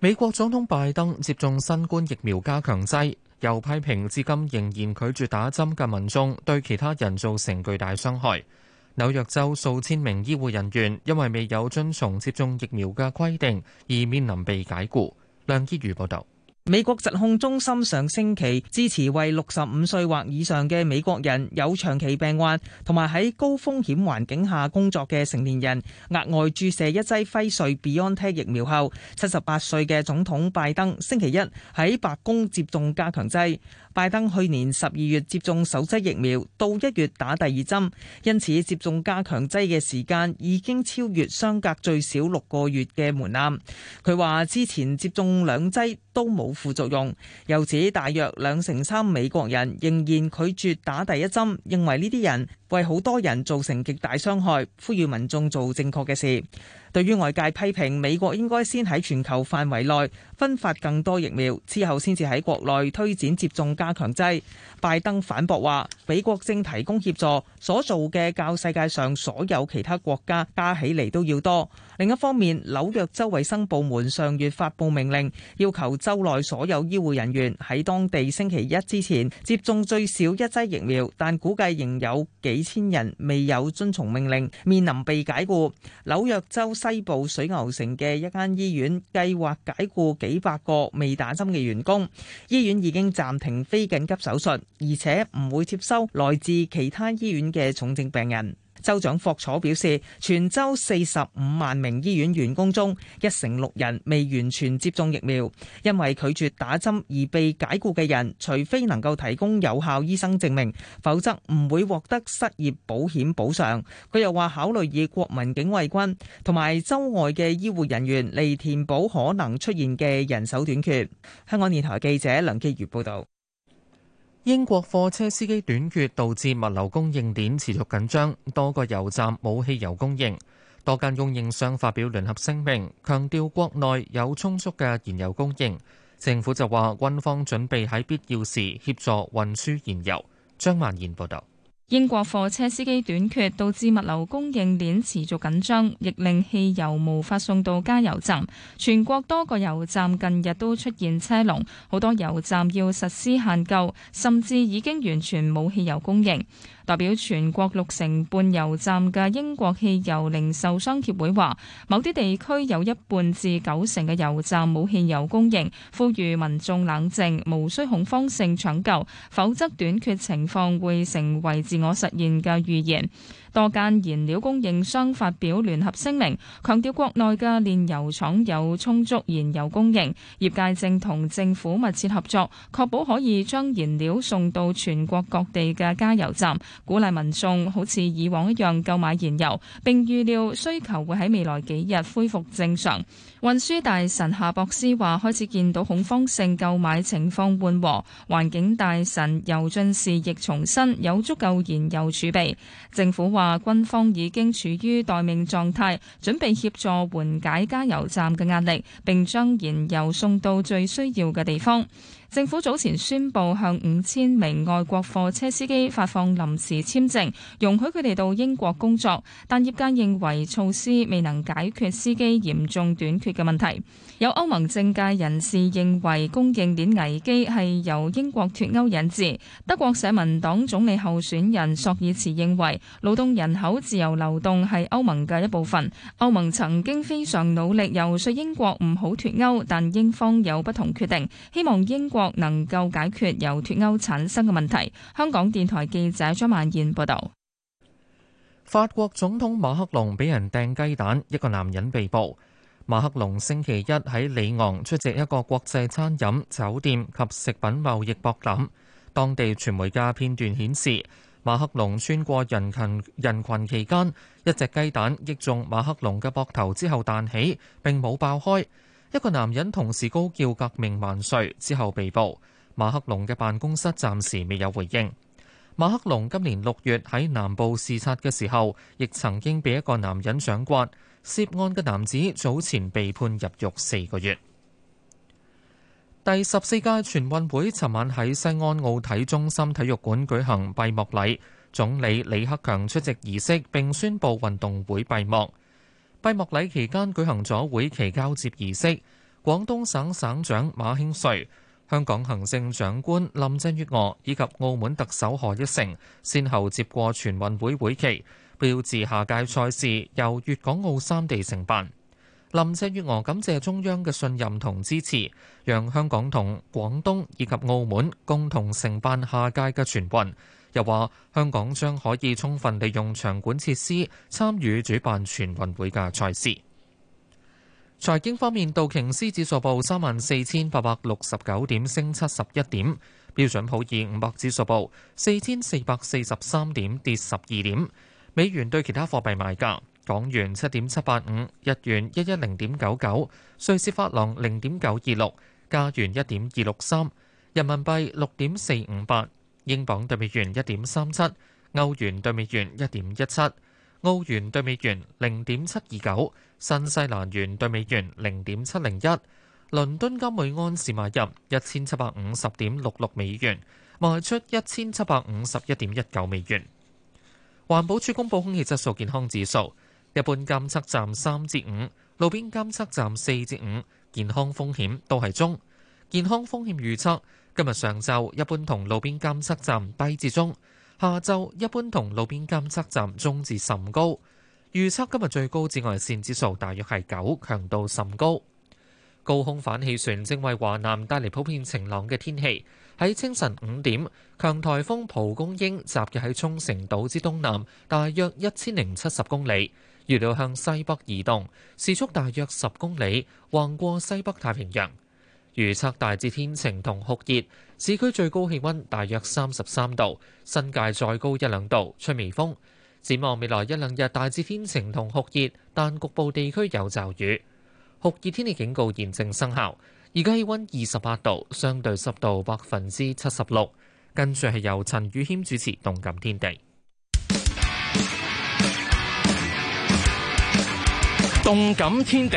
美國總統拜登接種新冠疫苗加強劑，又批評至今仍然拒絕打針嘅民眾對其他人造成巨大傷害。紐約州數千名醫護人員因為未有遵從接種疫苗嘅規定，而面臨被解僱。梁綺如報道。美國疾控中心上星期支持為六十五歲或以上嘅美國人、有長期病患同埋喺高風險環境下工作嘅成年人，額外注射一劑輝瑞、BioNTech 疫苗後，七十八歲嘅總統拜登星期一喺白宮接種加強劑。拜登去年十二月接種首劑疫苗，到一月打第二針，因此接種加強劑嘅時間已經超越相隔最少六個月嘅門檻，佢話之前接種兩劑都冇副作用，又指大約兩成三美國人仍然拒絕打第一針，認為呢啲人，為好多人造成極大傷害，呼籲民眾做正確嘅事。對於外界批評，美國應該先喺全球範圍內分發更多疫苗，之後先至喺國內推展接種加強劑。拜登反駁話，美國正提供協助，所做嘅較世界上所有其他國家加起嚟都要多。另一方面，紐約州衛生部門上月發佈命令，要求州內所有醫護人員喺當地星期一之前接種最少一劑疫苗，但估計仍有幾千人未有遵從命令，面臨被解僱。紐約州西部水牛城嘅一間醫院計劃解僱幾百個未打針嘅員工，醫院已經暫停非緊急手術，而且唔會接收來自其他醫院嘅重症病人。州長霍楚表示，全州四十五萬名醫院員工中，一成六人未完全接種疫苗，因為拒絕打針而被解雇嘅人，除非能夠提供有效醫生證明，否則唔會獲得失業保險補償。佢又話考慮以國民警衛軍同埋州外嘅醫護人員嚟填補可能出現嘅人手短缺。香港電台記者梁潔如報導。英國貨車司機短缺，導致物流供應鏈持續緊張，多個油站冇汽油供應。多間供應商發表聯合聲明，強調國內有充足嘅燃油供應。政府就話，軍方準備喺必要時協助運輸燃油。張萬賢報道。英國貨車司機短缺，導致物流供應鏈持續緊張，亦令汽油無法送到加油站。全國多個油站近日都出現車龍，好多油站要實施限購，甚至已經完全冇汽油供應。代表全國六成半油站嘅英國汽油零售商協會話：某啲地區有一半至九成嘅油站冇汽油供應，呼籲民眾冷靜，無需恐慌性搶購，否則短缺情況會成為自我實現嘅預言。多間燃料供應商發表聯合聲明，強調國內嘅煉油廠有充足燃油供應，業界正同政府密切合作，確保可以將燃料送到全國各地嘅加油站，鼓勵民眾好似以往一樣購買燃油。並預料需求會喺未來幾日恢復正常。運輸大臣夏博斯話：開始見到恐慌性購買情況緩和。環境大臣尤進士亦重申有足夠燃油儲備。政府話軍方已經處於待命狀態，準備協助緩解加油站嘅壓力，並將燃油送到最需要嘅地方。政府早前宣布向五千名外國貨車司機發放臨時簽證，容許佢哋到英國工作，但業界認為措施未能解決司機嚴重短缺嘅問題。有歐盟政界人士認為供應鏈危機係由英國脫歐引致。德國社民黨總理候選人朔爾茨認為，勞動人口自由流動係歐盟嘅一部分。歐盟曾經非常努力遊說英國唔好脫歐，但英方有不同決定，希望英國。能夠解決由脱歐產生嘅問題。香港電台記者張曼燕報道。法國總統馬克龍俾人掟雞蛋，一個男人被捕。馬克龍星期一喺里昂出席一個國際餐飲酒店及食品貿易博覽，當地傳媒嘅片段顯示，馬克龍穿過人群，人群期間，一隻雞蛋擊中馬克龍嘅膊頭之後彈起，並冇爆開。一個男人同時高叫革命萬歲之後被捕。馬克龍嘅辦公室暫時未有回應。馬克龍今年六月喺南部視察嘅時候，亦曾經被一個男人掌摑。涉案嘅男子早前被判入獄四個月。第十四屆全運會尋晚喺西安奧體中心體育館舉行閉幕禮，總理李克強出席儀式並宣布運動會閉幕。閉幕禮期間舉行咗會旗交接儀式，廣東省省省長馬興瑞、香港行政長官林鄭月娥以及澳門特首何一成，先後接過全運會會旗，標誌下屆賽事由粵港澳三地承辦。林鄭月娥感謝中央嘅信任同支持，讓香港同廣東以及澳門共同承辦下屆嘅全運。又話香港將可以充分利用場館設施，參與主辦全運會嘅賽事。財經方面，道瓊斯指數報三萬四千八百六十九點，升七十一點；標準普爾五百指數報四千四百四十三點，跌十二點。美元對其他貨幣買價：港元七點七八五，日元一一零點九九，瑞士法郎零點九二六，加元一點二六三，人民幣六點四五八。英鎊兌美元一點三七，歐元兌美元一點一七，澳元兌美元零點七二九，新西蘭元兌美元零點七零一。倫敦金每盎司買入一千七百五十點六六美元，賣出一千七百五十一點一九美元。環保署公布空氣質素健康指數，一般監測站三至五，路邊監測站四至五，健康風險都係中，健康風險預測。今日上晝一般同路邊監測站低至中，下晝一般同路邊監測站中至甚高。預測今日最高紫外線指數大約係九，強度甚高。高空反氣旋正為華南帶嚟普遍晴朗嘅天氣。喺清晨五點，強台風蒲公英集結喺沖繩島之東南，大約一千零七十公里，預料向西北移動，時速大約十公里，橫過西北太平洋。預測大致天晴同酷熱，市區最高氣溫大約三十三度，新界再高一兩度，吹微風。展望未來一兩日，大致天晴同酷熱，但局部地區有驟雨。酷熱天氣警告現正生效。而家氣溫二十八度，相對濕度百分之七十六。跟住係由陳宇謙主持《動感天地》。《動感天地》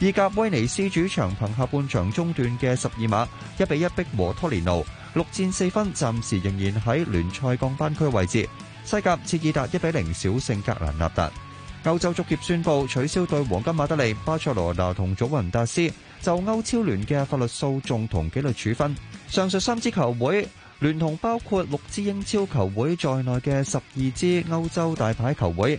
意甲威尼斯主場憑下半場中段嘅十二碼一比一逼和托連奴，六戰四分，暫時仍然喺聯賽降班區位置。西甲切爾達一比零小勝格蘭納達。歐洲足協宣布取消對皇家馬德利、巴塞羅那同祖雲達斯就歐超聯嘅法律訴訟同紀律處分。上述三支球會聯同包括六支英超球會在內嘅十二支歐洲大牌球會。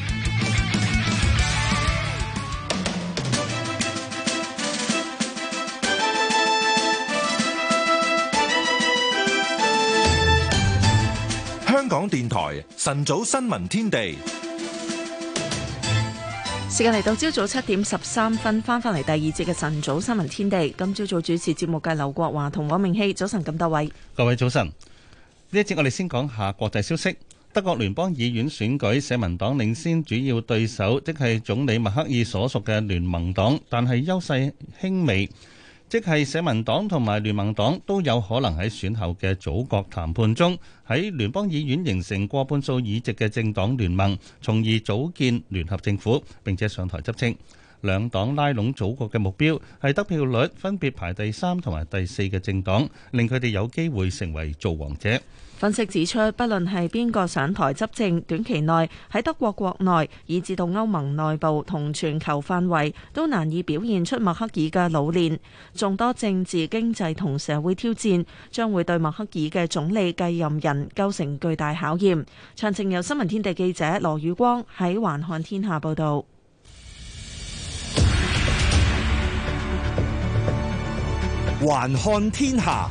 香港電台晨早新聞天地，時間嚟到朝早七點十三分，返返嚟第二節嘅晨早新聞天地。今朝早主持節目嘅劉國華同韋明希，早晨咁多位，各位早晨。呢一節我哋先講下國際消息。德國聯邦議院選舉，社民黨領先主要對手，即係總理默克爾所屬嘅聯盟黨，但係優勢輕微。即係社民黨同埋聯盟黨都有可能喺選後嘅組閣談判中，喺聯邦議院形成過半數議席嘅政黨聯盟，從而組建聯合政府並且上台執政。兩黨拉攏組閣嘅目標係得票率分別排第三同埋第四嘅政黨，令佢哋有機會成為造王者。分析指出，不論係邊個上台執政，短期內喺德國國內、以至到歐盟內部同全球範圍，都難以表現出默克爾嘅老練。眾多政治、經濟同社會挑戰，將會對默克爾嘅總理繼任人構成巨大考驗。詳情由新聞天地記者羅宇光喺《環看天下》報道。環看天下。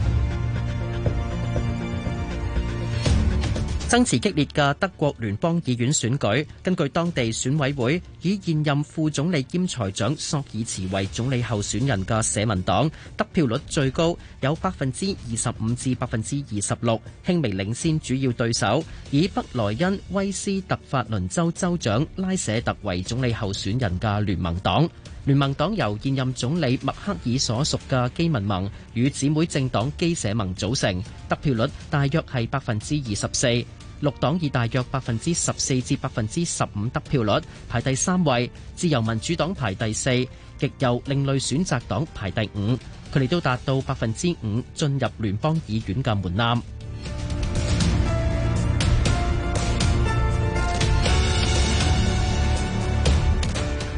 爭持激烈嘅德國聯邦議院選舉，根據當地選委會，以現任副總理兼財長索爾茨為總理候選人嘅社民黨得票率最高，有百分之二十五至百分之二十六，輕微領先主要對手，以北萊茵威斯特法倫州州長拉舍特為總理候選人嘅聯盟黨。聯盟黨由現任總理默克爾所屬嘅基民盟與姊妹政黨基社盟組成，得票率大約係百分之二十四。六黨以大約百分之十四至百分之十五得票率排第三位，自由民主黨排第四，極右另類選擇黨排第五，佢哋都達到百分之五進入聯邦議院嘅門檻。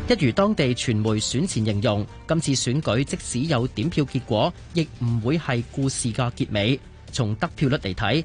一如當地傳媒選前形容，今次選舉即使有點票結果，亦唔會係故事嘅結尾。從得票率嚟睇。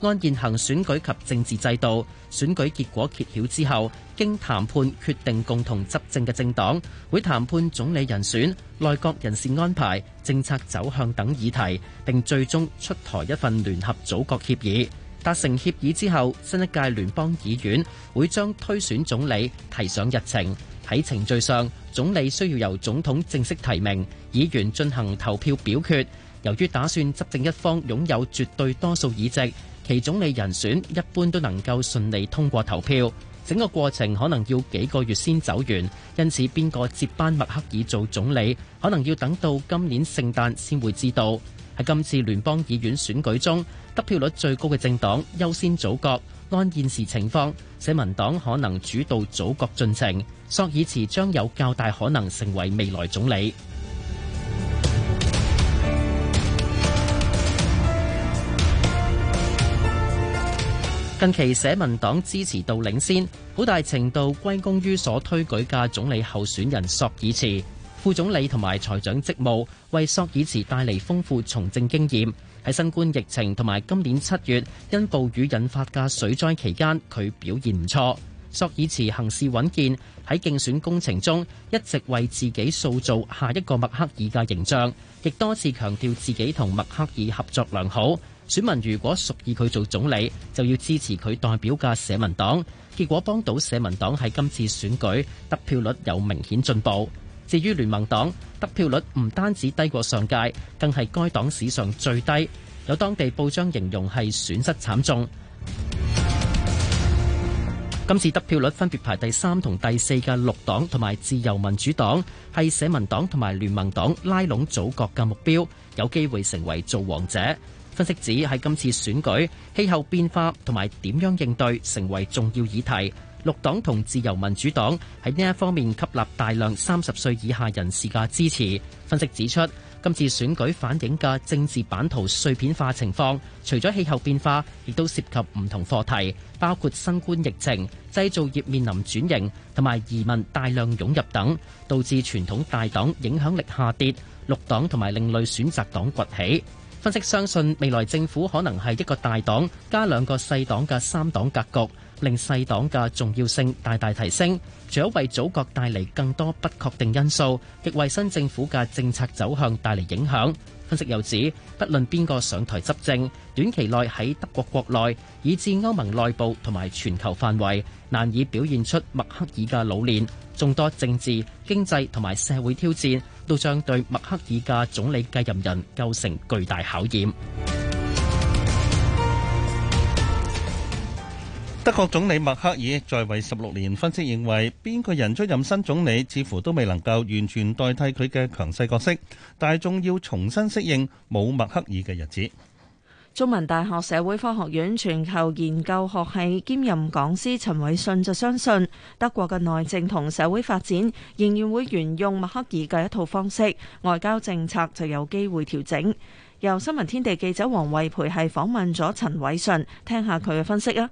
按現行選舉及政治制度，選舉結果揭曉之後，經談判決定共同執政嘅政黨會談判總理人選、內閣人事安排、政策走向等議題，並最終出台一份聯合組閣協議。達成協議之後，新一屆聯邦議院會將推選總理提上日程。喺程序上，總理需要由總統正式提名，議員進行投票表決。由於打算執政一方擁有絕對多數議席。其總理人選一般都能夠順利通過投票，整個過程可能要幾個月先走完，因此邊個接班默克爾做總理，可能要等到今年聖誕先會知道。喺今次聯邦議院選舉中，得票率最高嘅政黨優先組閣，按現時情況，社民黨可能主導組閣進程，索爾茨將有較大可能成為未來總理。近期社民黨支持度領先，好大程度歸功於所推舉嘅總理候選人索爾茨。副總理同埋財長職務，為索爾茨帶嚟豐富從政經驗，喺新冠疫情同埋今年七月因暴雨引發嘅水災期間，佢表現唔錯，索爾茨行事穩健，喺競選工程中一直為自己塑造下一個默克爾嘅形象，亦多次強調自己同默克爾合作良好。選民如果屬意佢做總理，就要支持佢代表嘅社民黨。結果幫到社民黨喺今次選舉得票率有明顯進步。至於聯盟黨得票率唔單止低過上屆，更係該黨史上最低。有當地報章形容係損失慘重。 今次得票率分別排第三同第四嘅綠黨同埋自由民主黨，係社民黨同埋聯盟黨拉攏組閣嘅目標，有機會成為造王者。分析指喺今次選舉，氣候變化同埋點樣應對成為重要議題。綠黨同自由民主黨喺呢一方面吸納大量三十歲以下人士嘅支持。分析指出，今次選舉反映嘅政治版圖碎片化情況，除咗氣候變化，亦都涉及唔同課題，包括新冠疫情、製造業面臨轉型同埋移民大量湧入等，導致傳統大黨影響力下跌，綠黨同埋另類選擇黨崛起。分析相信未來政府可能係一個大黨加兩個細黨嘅三黨格局，令細黨嘅重要性大大提升，除咗為祖國帶嚟更多不確定因素，亦為新政府嘅政策走向帶嚟影響。分析又指，不論邊個上台執政，短期內喺德國國內以至歐盟內部同埋全球範圍難以表現出默克爾嘅老練。眾多政治、經濟同埋社會挑戰，都將對默克爾嘅總理繼任人構成巨大考驗。德國總理默克爾在位十六年，分析認為邊個人出任新總理，似乎都未能夠完全代替佢嘅強勢角色，大眾要重新適應冇默克爾嘅日子。中文大學社會科學院全球研究學系兼任講師陳偉信就相信，德國嘅內政同社會發展仍然會沿用默克爾嘅一套方式，外交政策就有機會調整。由新聞天地記者黃惠培係訪問咗陳偉信，聽下佢嘅分析啊。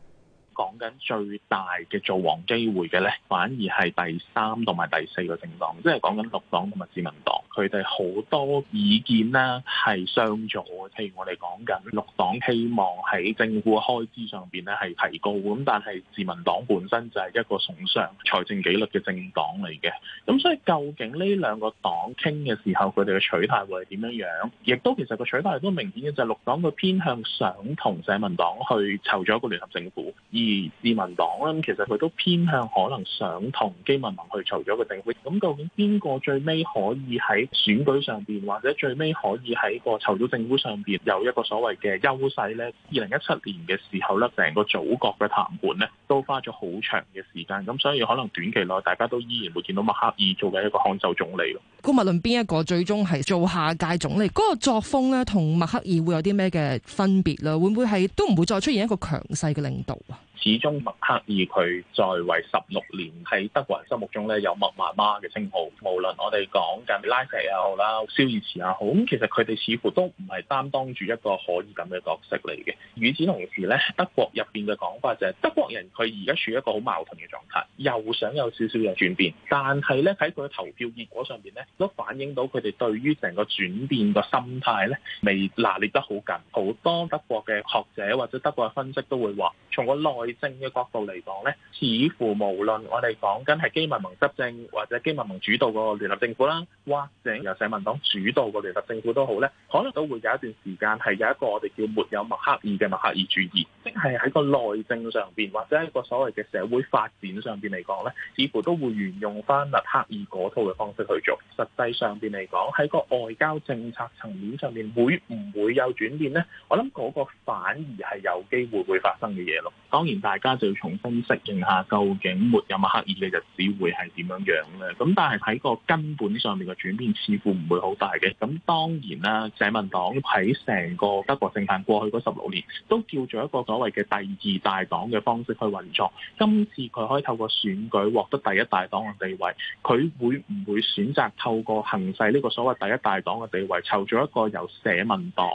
講緊最大嘅造王機會嘅咧，反而係第三同埋第四個政黨，即係講緊綠黨同埋自民黨，佢哋好多意見咧係相左。譬如我哋講緊綠黨希望喺政府嘅開支上邊咧係提高，咁但係自民黨本身就係一個崇尚財政紀律嘅政黨嚟嘅，咁所以究竟呢兩個黨傾嘅時候，佢哋嘅取態會係點樣樣？亦都其實個取態都明顯嘅就係、是、綠黨佢偏向想同社民黨去籌組一個聯合政府，而自民黨啦，其實佢都偏向可能想同基民盟去籌咗個政府。咁究竟邊個最尾可以喺選舉上邊或者最尾可以喺個籌組政府上邊有一個所謂嘅優勢咧？二零一七年嘅時候咧，成個組閣嘅談判咧都花咗好長嘅時間，咁所以可能短期內大家都依然會見到默克爾做緊一個看守總理。估唔估？無論邊一個最終係做下屆總理，嗰、嗰個作風咧，同默克爾會有啲咩嘅分別咧？會唔會係都唔會再出現一個強勢嘅領導啊？始終默克爾佢在位十六年，喺德國人心目中咧有默媽媽嘅稱號。無論我哋講緊拉皮又好啦，肖爾茨又好，咁其實佢哋似乎都唔係擔當住一個可以咁嘅角色嚟嘅。與此同時咧，德國入邊嘅講法就係、是、德國人佢而家處於一個好矛盾嘅狀態，又想有少少嘅轉變，但係咧喺佢嘅投票結果上邊咧都反映到佢哋對於成個轉變個心態咧未拿捏得好緊。好多德國嘅學者或者德國嘅分析都會話，從個內。政嘅角度嚟講咧，似乎無論我哋講緊係基民盟執政或者基民盟主導個聯合政府啦，或者由社民黨主導個聯合政府都好咧，可能都會有一段時間係有一個我哋叫沒有默克爾嘅默克爾主義，即係喺個內政上邊或者一個所謂嘅社會發展上邊嚟講咧，似乎都會沿用翻默克爾嗰套嘅方式去做。實際上邊嚟講，喺個外交政策層面上面會唔會有轉變咧？我諗嗰個反而係有機會會發生嘅嘢咯。當然。大家就要重新適應下，究竟冇有默克爾嘅日子會係點樣樣咧？咁但係喺個根本上面嘅轉變似乎唔會好大嘅。咁當然啦，社民黨喺成個德國政壇過去嗰十六年都叫做一個所謂嘅第二大黨嘅方式去運作。今次佢可以透過選舉獲得第一大黨嘅地位，佢會唔會選擇透過行使呢個所謂第一大黨嘅地位，籌咗一個由社民黨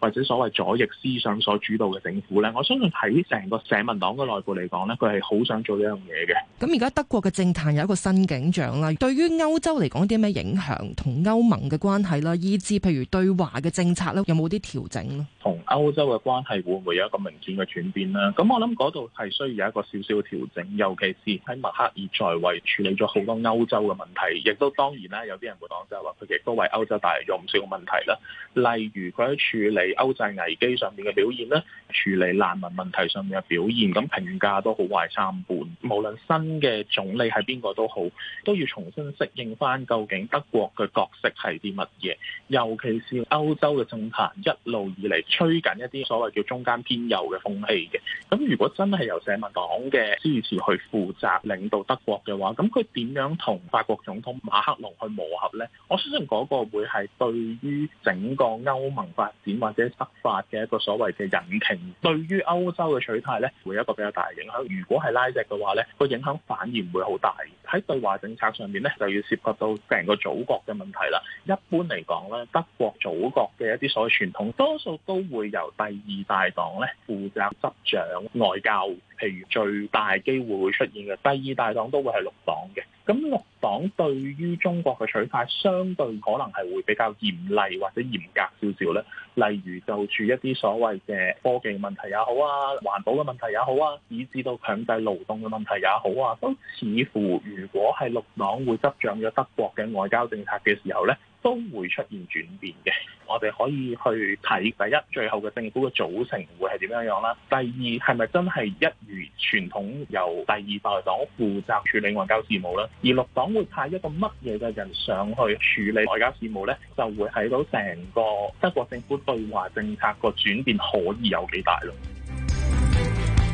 或者所謂左翼思想所主導嘅政府呢？我相信喺成個社民黨。黨嘅內部嚟講呢，佢係好想做呢樣嘢嘅。咁而家德國嘅政壇有一個新景象啦，對於歐洲嚟講啲咩影響，同歐盟嘅關係啦，以至譬如對華嘅政策咧，有冇啲調整咧？同歐洲嘅關係會唔會有一個明顯嘅轉變呢？咁我諗嗰度係需要有一個少少嘅調整，尤其是喺默克爾在位處理咗好多歐洲嘅問題，亦都當然啦，有啲人會講就係話佢亦都為歐洲帶嚟咗唔少嘅問題啦。例如佢喺處理歐債危機上面嘅表現咧，處理難民問題上面嘅表現。咁評價都好壞參半，無論新嘅總理係邊個都好，都要重新適應翻究竟德國嘅角色係啲乜嘢，尤其是歐洲嘅政壇一路以嚟吹緊一啲所謂叫中間偏右嘅風氣嘅。咁如果真係由社民黨嘅支持去負責領導德國嘅話，咁佢點樣同法國總統馬克龍去磨合咧？我相信嗰個會係對於整個歐盟發展或者德法嘅一個所謂嘅引擎，對於歐洲嘅取態咧，有一個比較大嘅影響，如果係拉鋸嘅話咧，個影響反而唔會好大。喺對華政策上面咧，就要涉及到成個組閣嘅問題啦。一般嚟講咧，德國組閣嘅一啲所謂傳統，多數都會由第二大黨咧負責執掌外交。譬如最大機會會出現嘅第二大黨都會係綠黨嘅，咁綠黨對於中國嘅取態相對可能係會比較嚴厲或者嚴格少少咧。例如就住一啲所謂嘅科技問題也好啊，環保嘅問題也好啊，以至到強制勞動嘅問題也好啊，都似乎如果係綠黨會執掌咗德國嘅外交政策嘅時候咧，都會出現轉變嘅，我哋可以去睇第一，最後嘅政府嘅組成會係點樣樣啦；第二，係咪真係一如傳統由第二大黨負責處理外交事務咧？而綠黨會派一個乜嘢嘅人上去處理外交事務呢？就會睇到成個德國政府對華政策個轉變可以有幾大咯。啊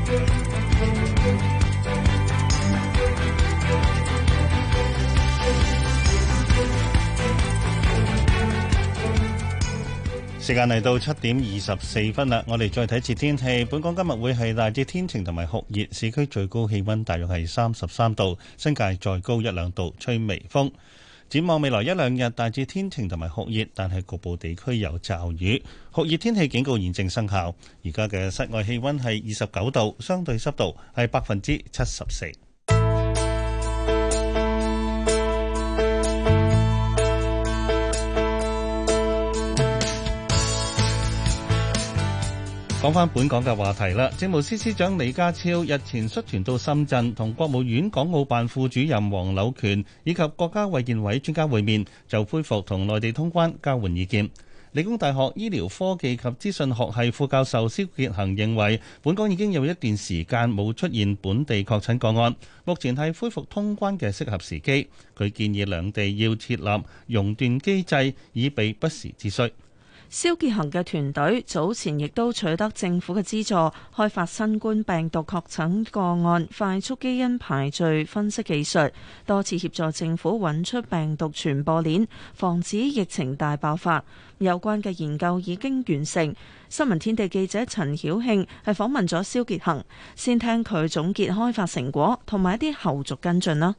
嗯嗯嗯時間嚟到七點二十四分啦，我哋再睇次天氣。本港今日會係大致天晴同埋酷熱，市區最高氣溫大約係三十三度，新界再高一兩度，吹微風。展望未來一兩日，大致天晴同埋酷熱，但係局部地區有驟雨，酷熱天氣警告現正生效。而家嘅室外氣溫係二十九度，相對濕度係百分之七十四。講返本港嘅話題啦，政務司司長李家超日前率團到深圳，同國務院港澳辦副主任黃柳權以及國家衛健委專家會面，就恢復同內地通關交換意見。理工大學醫療科技及資訊學系副教授蕭傑恒認為，本港已經有一段時間冇出現本地確診個案，目前係恢復通關嘅適合時機。佢建議兩地要設立熔斷機制，以備不時之需。蕭傑恒嘅團隊早前亦都取得政府嘅資助，開發新冠病毒確診個案快速基因排序分析技術，多次協助政府揾出病毒傳播鏈，防止疫情大爆發。有關嘅研究已經完成。新聞天地記者陳曉慶係訪問咗蕭傑恒，先聽佢總結開發成果同埋一啲後續跟進啦。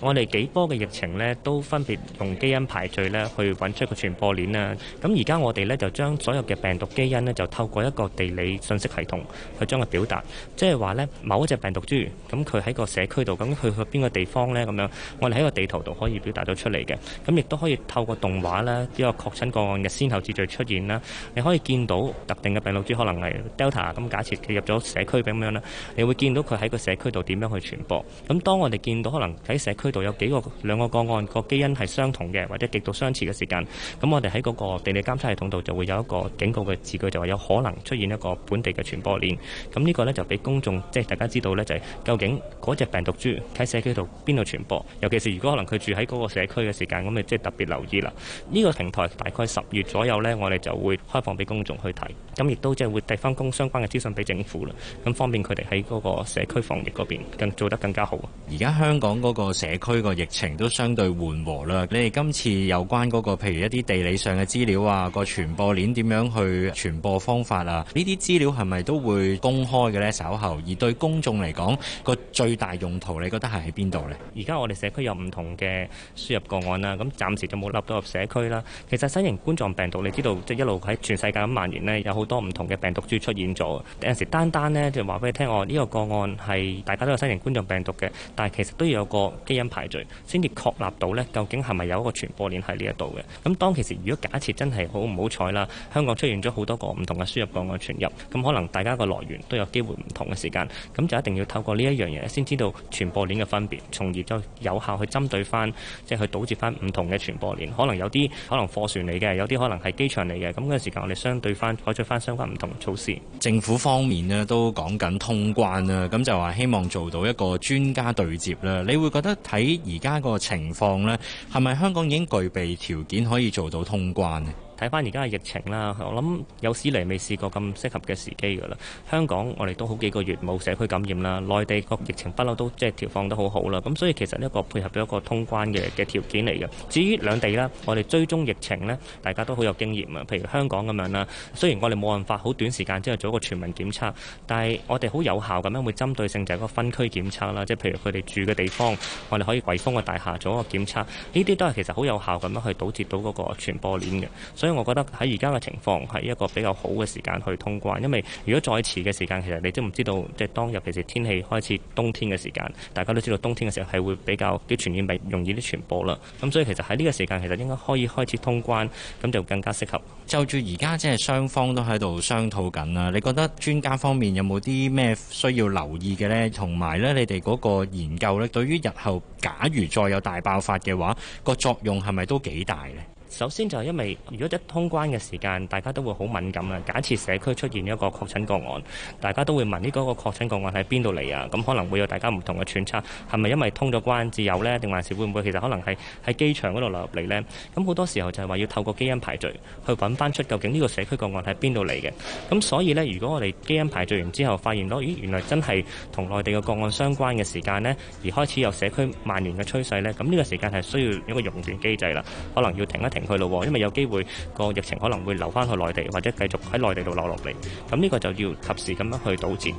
我哋幾波嘅疫情呢，都分別用基因排序呢去揾出個傳播鏈啦。咁而家我哋呢，就將所有嘅病毒基因呢，就透過一個地理信息系統去將佢表達，即係話呢，某一隻病毒株，咁佢喺個社區度，咁佢去邊個地方呢？咁樣，我哋喺個地圖度可以表達到出嚟嘅。咁亦都可以透過動畫呢，呢，呢個確診個案嘅先後次序出現啦。你可以見到特定嘅病毒株可能係 Delta，咁假設佢入咗社區咁樣啦，你會見到佢喺個社區度點樣去傳播。咁當我哋見到可能喺社區區度有幾個兩個個案個基因係相同嘅，或者極度相似嘅時間，咁我哋喺嗰個地理監測系統度就會有一個警告嘅字據，就話有可能出現一個本地嘅傳播鏈，咁呢個咧就俾公眾即係大家知道咧，就係究竟嗰隻病毒株喺社區度邊度傳播，尤其是如果可能佢住喺嗰個社區嘅時間，咁你即係特別留意啦。呢個平台大概十月左右咧，我哋就會開放俾公眾去睇，咁亦都即係會遞翻供相關嘅資訊俾政府啦，咁方便佢哋喺嗰個社區防疫嗰邊更做得更加好。而家香港嗰個社社區個疫情都相對緩和啦。你哋今次有關嗰、那個，譬如一啲地理上嘅資料啊，個傳播鏈點樣去傳播方法啊，呢啲資料係咪都會公開嘅呢？稍後而對公眾嚟講，個最大用途，你覺得係喺邊度呢？而家我哋社區有唔同嘅輸入個案啦，咁暫時就冇納到入社區啦。其實新型冠狀病毒你知道，即、就是、一路喺全世界咁蔓延呢，有好多唔同嘅病毒株出現咗。有陣時單單呢，就話俾你聽，我、這、呢個個案係大家都有新型冠狀病毒嘅，但係其實都要有個基排先至確立到呢，究竟係咪有一個傳播鏈喺呢一度嘅？咁當其實如果假設真係好唔好彩啦，香港出現咗好多個唔同嘅輸入個案傳入，咁可能大家個來源都有機會唔同嘅時間，咁就一定要透過呢一樣嘢先知道傳播鏈嘅分別，從而就有效去針對翻，即係去堵截翻唔同嘅傳播鏈。可能有啲可能貨船嚟嘅，有啲可能係機場嚟嘅，咁嗰時間我哋相對翻採取翻相關唔同措施。政府方面呢都講緊通關啦，咁就話希望做到一個專家對接啦。你會覺得？喺而家個情況咧，係咪香港已經具備條件可以做到通關咧？睇翻而家嘅疫情啦，我諗有史嚟未試過咁適合嘅時機㗎啦。香港我哋都好幾個月冇社區感染啦，內地個疫情不嬲都即係調控得好好啦。咁所以其實呢一個配合咗一個通關嘅嘅條件嚟嘅。至於兩地啦，我哋追蹤疫情呢，大家都好有經驗啊。譬如香港咁樣啦，雖然我哋冇辦法好短時間之後做一個全民檢測，但係我哋好有效咁樣會針對性就係個分區檢測啦，即係譬如佢哋住嘅地方，我哋可以圍封個大廈做一個檢測，呢啲都係其實好有效咁樣去堵截到嗰個傳播鏈嘅。所以，我覺得喺而家嘅情況係一個比較好嘅時間去通關，因為如果再遲嘅時間，其實你都唔知道，即係當日其實天氣開始冬天嘅時間，大家都知道冬天嘅時候係會比較啲傳染病容易啲傳播啦。咁所以其實喺呢個時間，其實應該可以開始通關，咁就會更加適合。就住而家即係雙方都喺度商討緊啦，你覺得專家方面有冇啲咩需要留意嘅呢？同埋呢，你哋嗰個研究呢，對於日後假如再有大爆發嘅話，個作用係咪都幾大呢？首先就係因為，如果一通關嘅時間，大家都會好敏感啊。假設社區出現一個確診個案，大家都會問呢個個確診個案喺邊度嚟啊？咁可能會有大家唔同嘅揣測，係咪因為通咗關至有咧？定還是會唔會其實可能係喺機場嗰度流入嚟咧？咁好多時候就係話要透過基因排序去揾翻出究竟呢個社區個案喺邊度嚟嘅？咁所以咧，如果我哋基因排序完之後發現到，咦原來真係同內地嘅個案相關嘅時間咧，而開始有社區蔓延嘅趨勢咧，咁呢個時間係需要一個熔斷機制啦，可能要停一停。咯，因為有機會個疫情可能會流翻去內地，或者繼續喺內地度留落嚟，咁、這、呢個就要及時咁樣去堵截。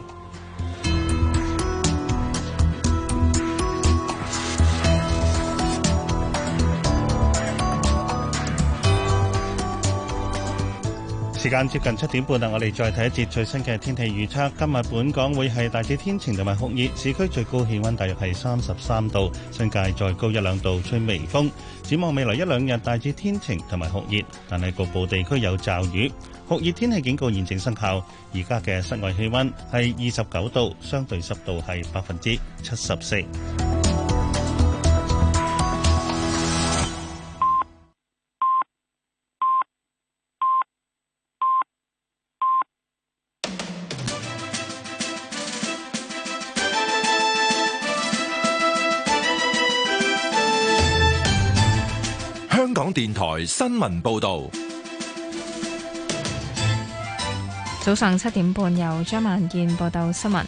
時間接近七點半啦，我哋再睇一節最新嘅天氣預測。今日本港會係大致天晴同埋酷熱，市區最高氣溫大約係三十三度，新界再高一兩度，吹微風。展望未來一兩日大致天晴同埋酷熱，但係局部地區有驟雨。酷熱天氣警告現正生效，而家嘅室外氣溫係二十九度，相對濕度係百分之七十四。電台新聞報道，早上七點半由張萬健報道新聞。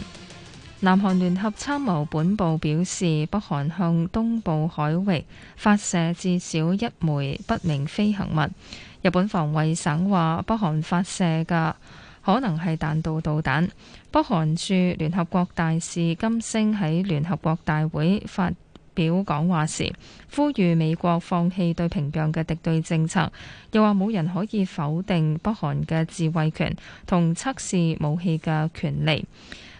南韓聯合參謀本部表示，北韓向東部海域發射至少一枚不明飛行物。日本防衛省話，北韓發射嘅可能係彈道導彈。北韓駐聯合國大使金星喺聯合國大會發。表講話時，呼籲美國放棄對平壤嘅敵對政策，又話冇人可以否定北韓嘅自衛權同測試武器嘅權利。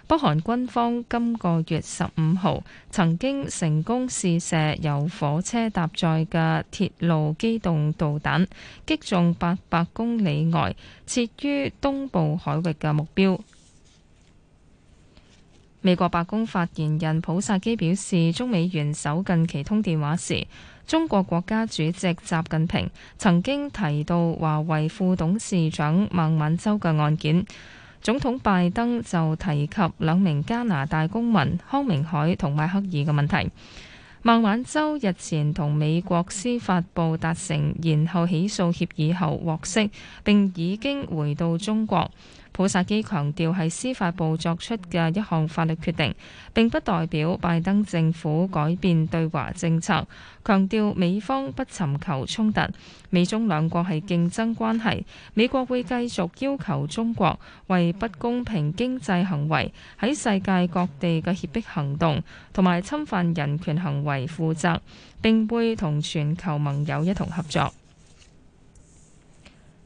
北韓軍方今個月十五號曾經成功試射由火車搭載嘅鐵路機動導彈，擊中八百公里外設於東部海域嘅目標。美國白宮發言人普薩基表示，中美元首近期通電話時，中國國家主席習近平曾經提到華為副董事長孟晚舟嘅案件。總統拜登就提及兩名加拿大公民康明凱同邁克爾嘅問題。孟晚舟日前同美國司法部達成延後起訴協議後獲釋並已經回到中國。普薩基強調係司法部作出嘅一項法律決定，並不代表拜登政府改變對華政策。強調美方不尋求衝突，美中兩國係競爭關係。美國會繼續要求中國為不公平經濟行為，喺世界各地嘅脅迫行動同埋侵犯人權行為負責，並會同全球盟友一同合作。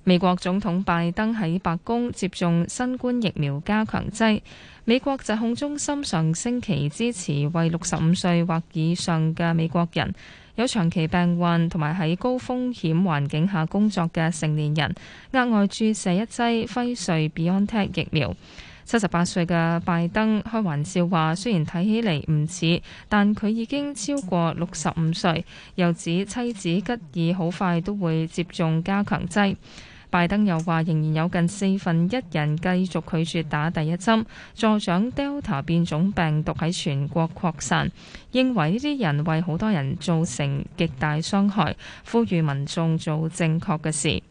美國總統拜登喺白宮接種新冠疫苗加強劑。美國疾控中心上星期支持為六十五歲或以上嘅美國人、有長期病患同埋喺高風險環境下工作嘅成年人額外注射一劑輝瑞 BioNTech 疫苗。七十八歲嘅拜登開玩笑話，雖然睇起嚟唔似，但佢已經超過六十五歲。又指妻子吉爾好快都會接種加強劑。拜登又話，仍然有近四分一人繼續拒絕打第一針，助長 Delta 變種病毒喺全國擴散，認為呢啲人為好多人造成極大傷害，呼籲民眾做正確嘅事。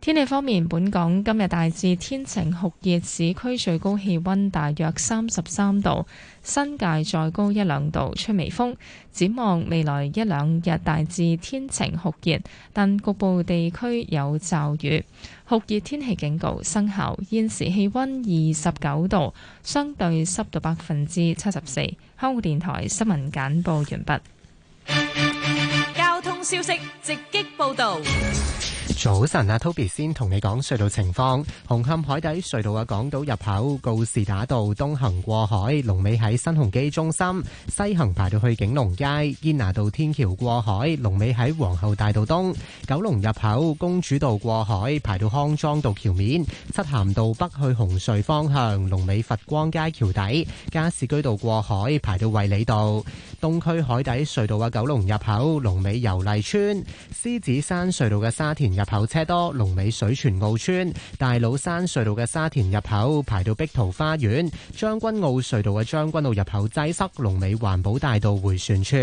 天氣方面，本港今日大致天晴酷熱，市區最高氣温大約三十三度，新界再高一兩度，吹微風。展望未來一兩日，大致天晴酷熱，但局部地區有驟雨。酷熱天氣警告生效。現時氣温二十九度，相對濕度百分之七十四。香港電台新聞簡報完畢。交通消息直擊報道。早晨啊，Toby 先同你講隧道情況。紅磡海底隧道嘅港島入口告士打道東行過海，龍尾喺新鴻基中心；西行排到去景隆街堅拿道天橋過海，龍尾喺皇后大道東。九龍入口公主道過海，排到康莊道橋面；漆咸道北去紅隧方向，龍尾佛光街橋底；加士居道過海，排到衛理道。東區海底隧道嘅九龍入口，龍尾油麗邨；獅子山隧道嘅沙田入口車多，龍尾水泉澳村；大老山隧道嘅沙田入口排到碧濤花園；將軍澳隧道嘅將軍澳入口擠塞，龍尾環保大道回旋處。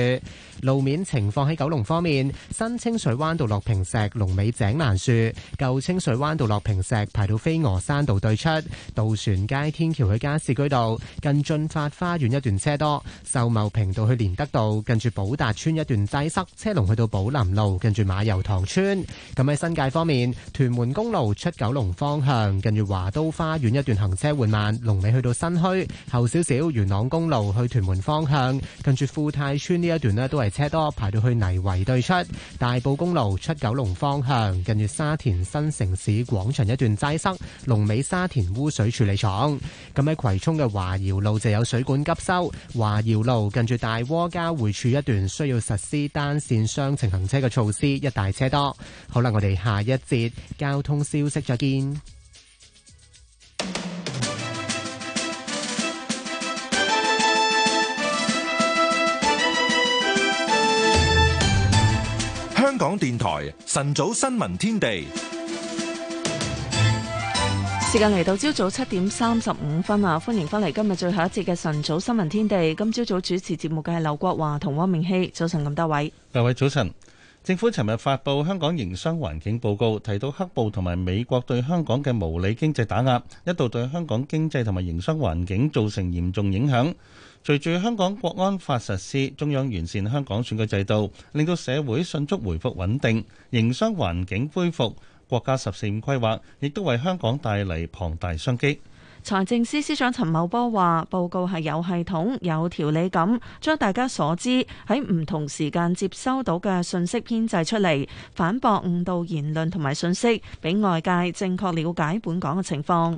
路面情況喺九龍方面，新清水灣道落坪石，龍尾井欄樹；舊清水灣道落坪石排到飛鵝山道對出，渡船街天橋去加士居道近駿發花園一段車多，秀茂坪道去賢德道近住寶達村一段擠塞，車龍去到寶林路，近住馬游塘村。咁喺新界方面，屯門公路出九龍方向，近住華都花園一段行車緩慢，龍尾去到新墟。後少少元朗公路去屯門方向，近住富泰村呢一段呢都係車多，排到去泥圍對出。大埔公路出九龍方向，近住沙田新城市廣場一段擠塞，龍尾沙田污水處理廠。咁喺葵涌嘅華堯路就有水管急修，華堯路近住大窩。多交匯處一段需要實施單線雙程行車嘅措施，一大車多。好啦！我哋下一節交通消息再見。香港電台晨早新聞天地。時間嚟到朝早七點三十五分啊。歡迎翻嚟今日最後一節嘅晨早新聞天地。今朝早主持節目嘅係劉國華同汪明熙。早晨，林大偉。各位早晨。政府尋日發布香港營商環境報告，提到黑暴同埋美國對香港嘅無理經濟打壓，一度對香港經濟同埋營商環境造成嚴重影響。隨住香港國安法實施，中央完善香港選舉制度，令到社會迅速回復穩定，營商環境恢復。國家十四五規劃亦都為香港帶嚟龐大商機。財政司司長陳茂波話：報告係有系統、有條理咁，將大家所知喺唔同時間接收到嘅信息編製出嚟，反駁誤導言論同埋信息，俾外界正確了解本港嘅情況。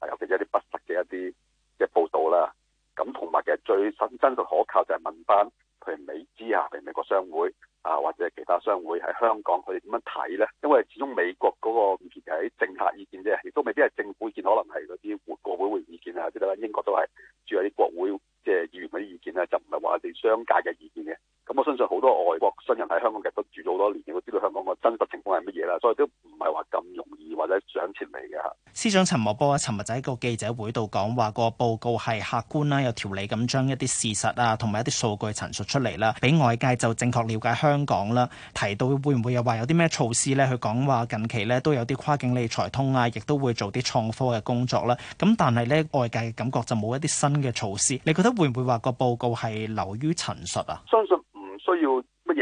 啊，尤其是一啲不實嘅一啲嘅報道啦，咁同埋其實最真真實可靠就係問返，譬如美資啊，譬如美國商會啊，或者其他商會，喺香港佢哋點樣睇咧？因為始終美國嗰、嗰個意見係政客意見啫，亦都未必係政府意見，可能係嗰啲國會會意見啊，即係英國都係住喺啲國會即係議員嗰啲意見啦，就唔係話我哋商界嘅意見嘅。咁我相信好多外國新人喺香港其實都住咗好多年亦都知道香港嘅真實情況係乜嘢啦，所以都唔係話咁容易或者想前嚟嘅吓。司長陳茂波啊，尋日就喺個記者會度講話個報告係客觀啦，有條理咁將一啲事實啊同埋一啲數據陳述出嚟啦，俾外界就正確了解香港啦。提到會唔會又話有啲咩措施呢？佢講話近期呢都有啲跨境理財通啊，亦都會做啲創科嘅工作啦。咁但係呢，外界嘅感覺就冇一啲新嘅措施，你覺得會唔會話個報告係流於陳述啊？相信。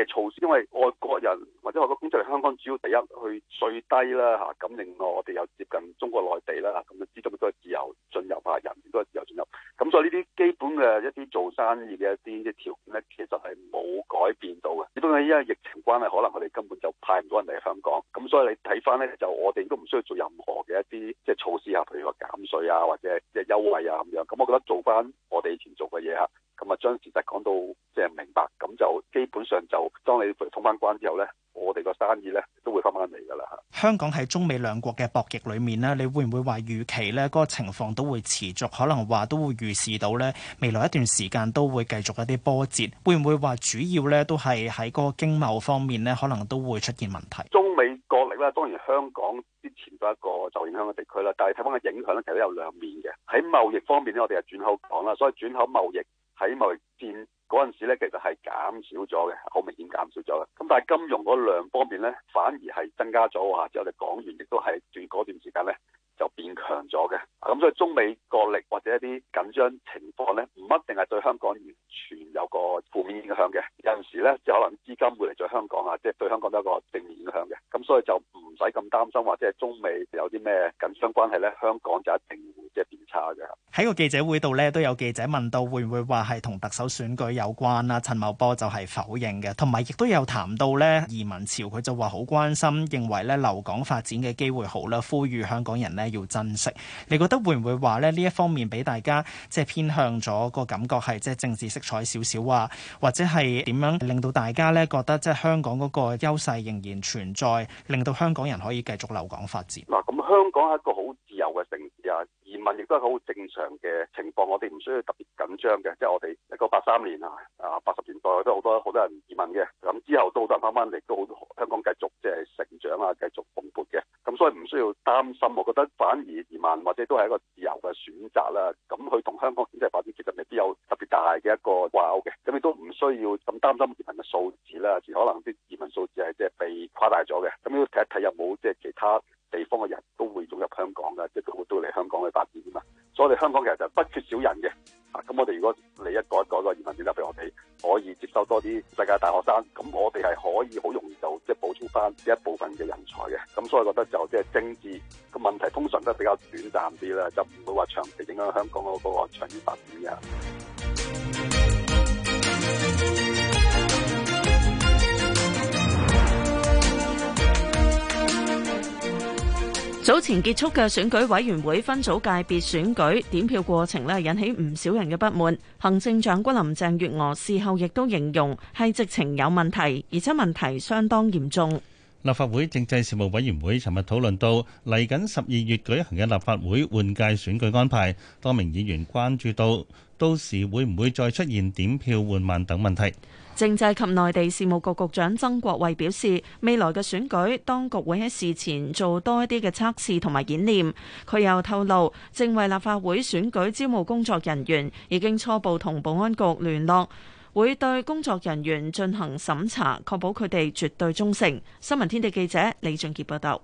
措施，因為外國人或者外國工作嚟香港，主要第一去稅低啦嚇，咁另外我哋又接近中國內地啦，咁就資本都係自由進入，人亦都係自由進入。咁所以呢啲基本嘅一啲做生意嘅一啲嘅條件咧，其實係冇改變到嘅。只不過因為疫情關係，可能我哋根本就派唔到人嚟香港。咁所以你睇翻咧，就我哋都唔需要做任何嘅一啲即、就是、措施啊，譬如話減稅啊，或者即係優惠啊咁樣。咁我覺得做翻我哋以前做嘅嘢呀。咁啊將事實講到即係、就是、明白。基本上就當你通翻關之後呢，我哋個生意呢都會翻翻嚟噶啦。香港喺中美兩國嘅博弈裏面呢，你會唔會話預期呢嗰個情況都會持續？可能話都會預示到呢，未來一段時間都會繼續一啲波折。會唔會話主要呢都係喺嗰個經貿方面呢？可能都會出現問題？中美角力呢，當然香港之前都係一個受影響嘅地區啦。但係睇翻個影響咧，其實都有兩面嘅。喺貿易方面呢，我哋係轉口講啦，所以轉口貿易喺貿易戰嗰陣時咧，其實係減少咗嘅，好明顯減少咗嘅。咁但係金融嗰量方面咧，反而係增加咗喎。即係我哋港元，亦都係喺嗰段時間咧就變強咗嘅。咁所以中美角力或者一啲緊張情況咧，唔一定係對香港完全有個負面影響嘅。有陣時咧，就可能資金嚟咗香港啊，即係對香港都有個正面影響嘅。咁所以就唔使咁擔心，或者中美有啲咩緊張關係咧，香港就一定。差喺個記者會度咧，都有記者問到會唔會話係同特首選舉有關啊？陳茂波就係否認嘅，同埋亦都有談到咧移民潮，佢就話好關心，認為咧留港發展嘅機會好啦，呼籲香港人呢要珍惜。你覺得會唔會話咧呢一方面俾大家即係偏向咗個感覺係即係政治色彩少少啊？或者係點樣令到大家咧覺得即係香港嗰個優勢仍然存在，令到香港人可以繼續留港發展嗱？咁香港係一個好自由嘅城市啊！移亦都係好正常嘅情況，我哋唔需要特別緊張嘅。即、就、係、是、我哋一九八三年啊，啊八十年代都好多好多人移民嘅。咁之後都都多人翻翻嚟都好，香港繼續即係成長啊，繼續蓬勃嘅。咁所以唔需要擔心。我覺得反而移民或者都係一個自由嘅選擇啦。咁佢同香港經係發展其實未必有特別大嘅一個掛鈎嘅。咁亦都唔需要咁擔心移民嘅數字啦。可能啲移民數字係即係被跨大咗嘅。咁要睇一睇有冇即係其他地方嘅人都會湧入香港嘅，即、就、係、是、都會嚟香港去所以我哋香港其實就不缺少人嘅，啊，咁我哋如果你一改改個,一個都移民政策俾我哋，可以接收多啲世界大學生，咁我哋係可以好容易就即係補充翻一部分嘅人才嘅，咁所以我覺得就即係政治個問題通常都比較短暫啲啦，就唔會話長期影響香港個嗰個長遠發展嘅。早前結束嘅選舉委員會分組界別選舉點票過程咧，引起唔少人嘅不滿。行政長官林鄭月娥事後亦都形容係直情有問題，而且問題相當嚴重。立法會政制事務委員會尋日討論到嚟緊十二月舉行嘅立法會換屆選舉安排，多名議員關注到，到時會唔會再出現點票緩慢等問題。政制及內地事務局局長曾國衛表示，未來嘅選舉，當局會喺事前做多一啲嘅測試同埋演練。佢又透露，正為立法會選舉招募工作人員，已經初步同保安局聯絡。會對工作人員進行審查，確保佢哋絕對忠誠。新聞天地記者李俊傑報道。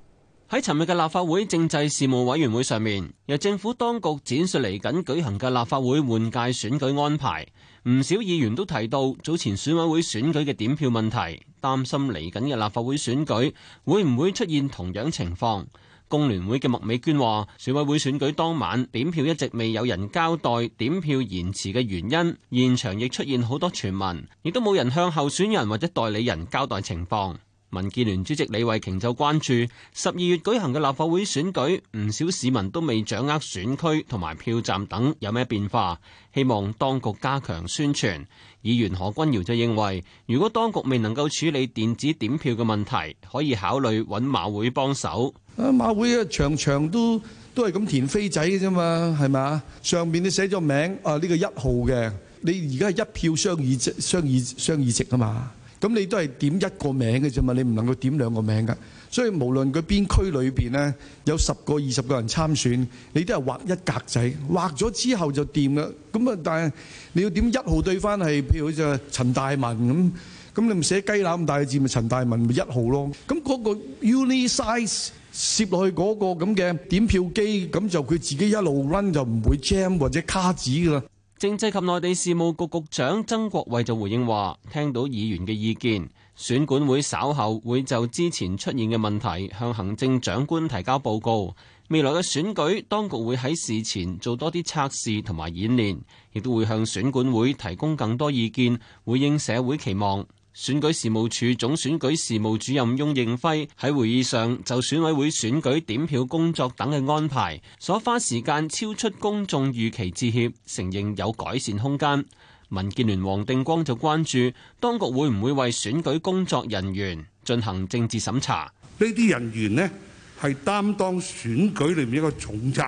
喺尋日嘅立法會政制事務委員會上面，由政府當局展述嚟緊舉行嘅立法會換屆選舉安排。唔少議員都提到早前選委會選舉嘅點票問題，擔心嚟緊嘅立法會選舉會唔會出現同樣情況。工聯會嘅麥美娟話，選委會選舉當晚點票，一直未有人交代點票延遲嘅原因，現場亦出現好多傳聞，亦都冇人向候選人或者代理人交代情況。民建聯主席李慧瓊就關注十二月舉行嘅立法會選舉，唔少市民都未掌握選區同埋票站等有咩變化，希望當局加強宣傳。議員何君堯就認為，如果當局未能夠處理電子點票嘅問題，可以考慮揾馬會幫手。啊！馬會嘅場場都都係咁填飛仔嘅啫嘛，係咪啊？上面你寫咗名啊，呢個一號嘅你而家係一票雙議席雙議雙議席啊嘛。咁你都係點一個名嘅啫嘛，你唔能夠點兩個名㗎。所以無論佢邊區裏邊咧，有十個二十個人參選，你都係畫一格仔，畫咗之後就掂啦。咁啊，但係你要點一號對翻係譬如好似陳大文咁，咁你唔寫雞乸咁大嘅字，咪陳大文咪一號咯。咁嗰個 uni size。攝落去嗰個咁嘅點票機，咁就佢自己一路 run 就唔會 jam 或者卡紙㗎喇。政制及內地事務局局長曾國衛就回應話：聽到議員嘅意見，選管會稍後會就之前出現嘅問題向行政長官提交報告。未來嘅選舉，當局會喺事前做多啲測試同埋演練，亦都會向選管會提供更多意見，回應社會期望。選舉事務處總選舉事務主任翁應輝喺會議上就選委會選舉點票工作等嘅安排，所花時間超出公眾預期致歉，承認有改善空間。民建聯黃定光就關注當局會唔會為選舉工作人員進行政治審查？呢啲人員呢，係擔當選舉裏面一個重責，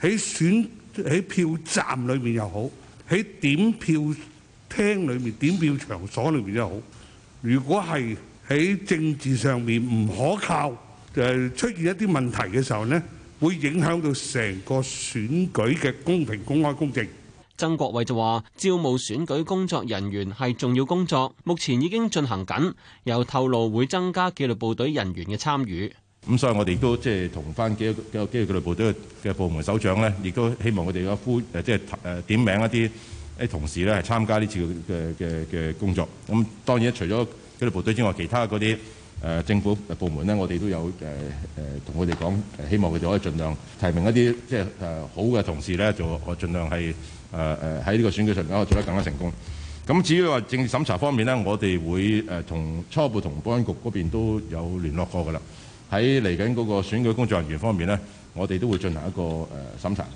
喺選喺票站裏面又好，喺點票廳裏面、點票場所裏面又好。如果係喺政治上面唔可靠，就係出現一啲問題嘅時候咧，會影響到成個選舉嘅公平、公開、公正。曾國衛就話：招募選舉工作人員係重要工作，目前已經進行緊，又透露會增加紀律部隊人員嘅參與。咁所以我哋都即係同翻幾幾個紀律部隊嘅部門首長咧，亦都希望我哋嘅呼，即係誒點名一啲。同事咧係參加呢次嘅嘅嘅工作，咁當然除咗紀律部隊之外，其他嗰啲、呃、政府部門咧，我哋都有同佢哋講，希望佢哋可以盡量提名一啲即係、呃、好嘅同事咧，就我盡量係喺呢個選舉上面，可以做得更加成功。咁至於話政治審查方面咧，我哋會同、呃、初步同保安局嗰邊都有聯絡過噶啦，喺嚟緊嗰個選舉工作人員方面咧，我哋都會進行一個誒、呃、審查。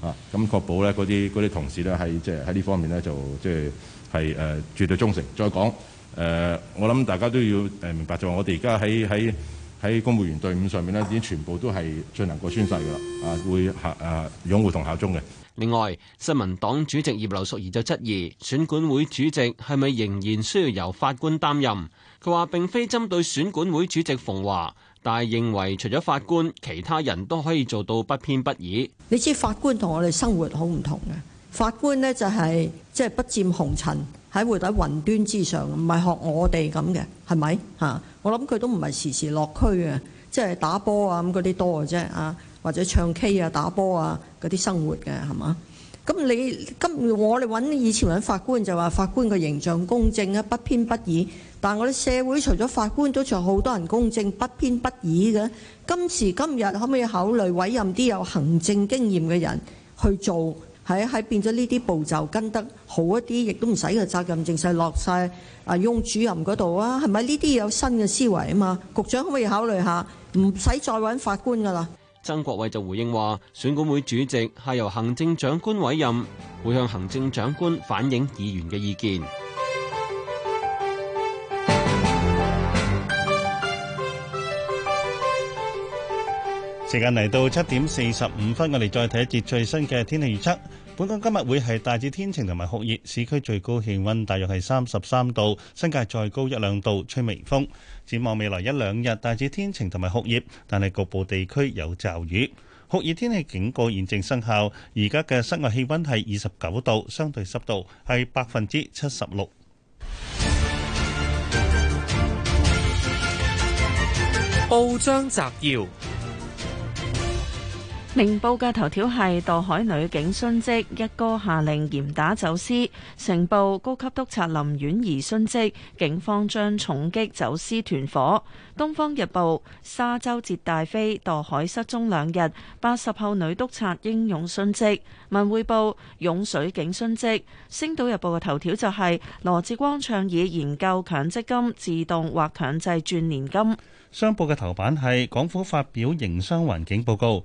啊！咁確保咧，嗰啲嗰啲同事咧喺即係喺呢方面咧，就即係係誒絕對忠誠。再講誒，我諗大家都要誒明白，就係我哋而家喺喺喺公務員隊伍上面咧，已經全部都係進行過宣誓㗎啦，啊會下擁護同效忠嘅。另外，新民黨主席葉劉淑儀就質疑選管會主席係咪仍然需要由法官擔任？佢話並非針對選管會主席馮華。但係認為除咗法官，其他人都可以做到不偏不倚。你知法官同我哋生活好唔同嘅，法官呢，就係即係不沾紅塵，喺會底雲端之上，唔係學我哋咁嘅，係咪嚇？我諗佢都唔係時時落區嘅，即係打波啊咁嗰啲多嘅啫啊，或者唱 K 啊、打波啊嗰啲生活嘅係嘛？咁你今我哋揾以前揾法官就話法官嘅形象公正啊、不偏不倚。但我哋社會除咗法官，都仲有好多人公正不偏不倚嘅。今時今日可唔可以考慮委任啲有行政經驗嘅人去做？喺喺變咗呢啲步驟跟得好一啲，亦都唔使個責任，淨係落晒。啊，翁主任嗰度啊？係咪呢啲有新嘅思維啊？嘛，局長可唔可以考慮下？唔使再揾法官㗎啦。曾國衞就回應話：選管會主席係由行政長官委任，會向行政長官反映議員嘅意見。時間嚟到七點四十五分，我哋再睇一節最新嘅天氣預測。本港今日會係大致天晴同埋酷熱，市區最高氣溫大約係三十三度，新界再高一兩度，吹微風。展望未來一兩日，大致天晴同埋酷熱，但係局部地區有驟雨。酷熱天氣警告現正生效。而家嘅室外氣溫係二十九度，相對濕度係百分之七十六。報章摘要。明報嘅頭條係墮海女警殉職，一哥下令嚴打走私；成報高級督察林婉儀殉職，警方將重擊走私團夥。東方日報沙洲捷大飛墮海失蹤兩日，八十後女督察英勇殉職。文匯報涌水警殉職。星島日報嘅頭條就係、是、羅致光倡議研究強積金自動或強制轉年金。商報嘅頭版係港府發表營商環境報告。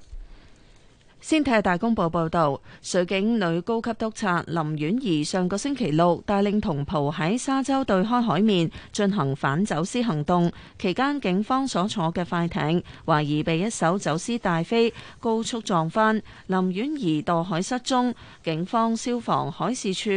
先睇下大公報報導，水警女高級督察林婉儀上個星期六帶領同袍喺沙洲對開海面進行反走私行動，期間警方所坐嘅快艇懷疑被一艘走私大飛高速撞翻，林婉儀墮海失蹤，警方、消防、海事處、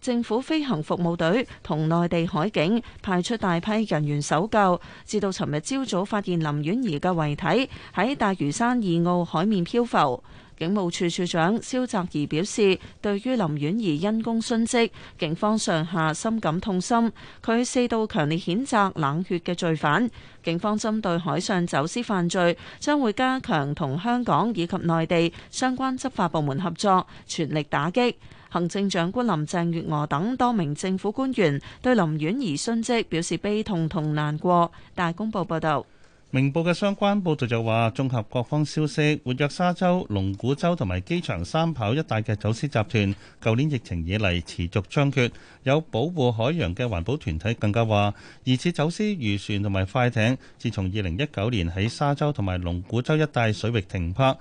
政府飛行服務隊同內地海警派出大批人員搜救，直到尋日朝早發現林婉儀嘅遺體喺大嶼山二澳海面漂浮。警務處處長蕭澤頤表示，對於林婉儀因公殉職，警方上下深感痛心。佢四度強烈譴責冷血嘅罪犯。警方針對海上走私犯罪，將會加強同香港以及內地相關執法部門合作，全力打擊。行政長官林鄭月娥等多名政府官員對林婉儀殉職表示悲痛同難過。大公報報道，明報嘅相關報導就話，綜合各方消息，活躍沙洲、龍鼓洲同埋機場三跑一帶嘅走私集團，舊年疫情以嚟持續猖獗。有保護海洋嘅環保團體更加話，疑似走私漁船同埋快艇，自從二零一九年喺沙洲同埋龍鼓洲一帶水域停泊，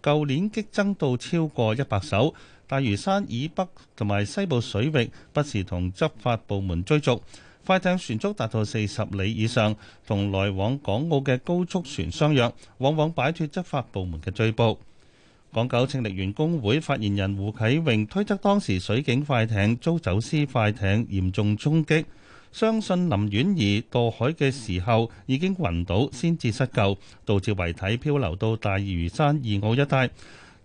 舊年激增到超過一百艘。大嶼山以北同埋西部水域不時同執法部門追逐，快艇船速達到四十里以上，同來往港澳嘅高速船相若，往往擺脫執法部門嘅追捕。港九拯溺員工會發言人胡啟榮推測，當時水警快艇遭走私快艇嚴重衝擊，相信林婉儀墮海嘅時候已經暈倒，先至失救，導致遺體漂流到大嶼山二澳一帶。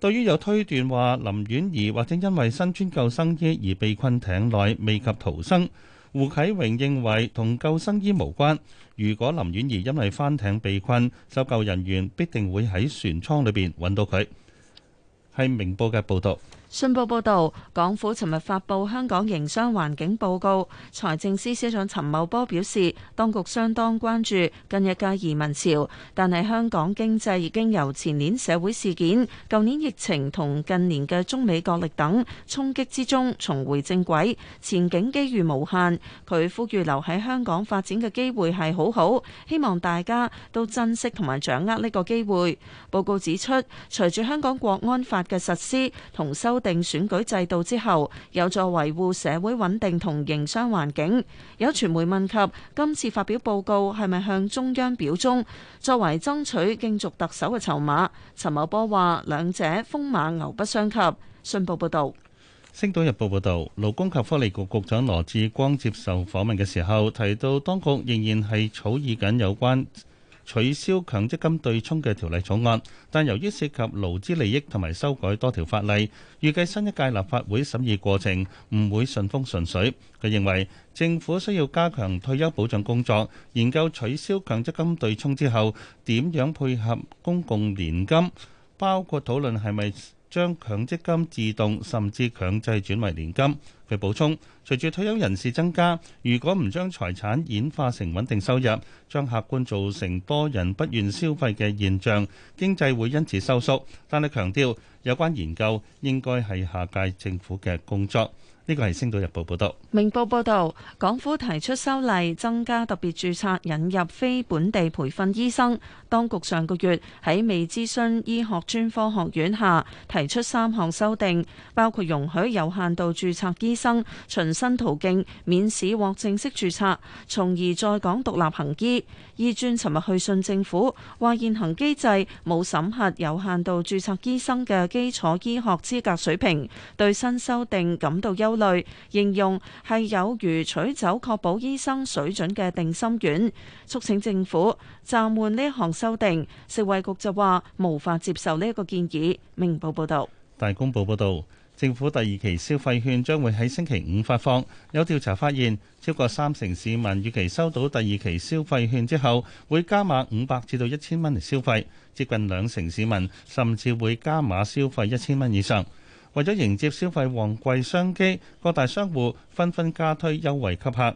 對於有推斷話林婉儀或者因為身穿救生衣而被困艇內未及逃生，胡啟榮認為同救生衣無關。如果林婉儀因為翻艇被困，搜救人員必定會喺船艙裏邊揾到佢。係明報嘅報道。信報報導，港府尋日發布香港營商環境報告，財政司司長陳茂波表示，當局相當關注近日嘅移民潮，但係香港經濟已經由前年社會事件、舊年疫情同近年嘅中美角力等衝擊之中重回正軌，前景機遇無限。佢呼籲留喺香港發展嘅機會係好好，希望大家都珍惜同埋掌握呢個機會。報告指出，隨住香港國安法嘅實施同收定選舉制度之後，有助維護社會穩定同營商環境。有傳媒問及今次發表報告係咪向中央表忠，作為爭取競逐特首嘅籌碼，陳茂波話兩者風馬牛不相及。信報報道，《星島日報》報道，勞工及福利局局長羅致光接受訪問嘅時候提到，當局仍然係草擬緊有關取消強積金對沖嘅條例草案，但由於涉及勞資利益同埋修改多條法例，預計新一屆立法會審議過程唔會順風順水。佢認為政府需要加強退休保障工作，研究取消強積金對沖之後點樣配合公共年金，包括討論係咪。將強積金自動甚至強制轉為年金。佢補充，隨住退休人士增加，如果唔將財產演化成穩定收入，將客觀造成多人不願消費嘅現象，經濟會因此收縮。但係強調，有關研究應該係下屆政府嘅工作。呢個係《星島日報》報導，《明報》報導，港府提出修例增加特別註冊，引入非本地培訓醫生。當局上個月喺未諮詢醫學專科學院下，提出三項修訂，包括容許有限度註冊醫生循新途徑免試獲正式註冊，從而在港獨立行醫。醫專尋日去信政府，話現行機制冇審核，有限度註冊醫生嘅基礎醫學資格水平，對新修訂感到憂慮，形容係有如取走確保醫生水準嘅定心丸，促請政府暫緩呢一項修訂。食衛局就話無法接受呢一個建議。明報報道，大公報報道。政府第二期消費券將會喺星期五發放。有調查發現，超過三成市民預期收到第二期消費券之後，會加碼五百至到一千蚊嚟消費。接近兩成市民甚至會加碼消費一千蚊以上。為咗迎接消費旺季商機，各大商戶紛紛加推優惠吸客。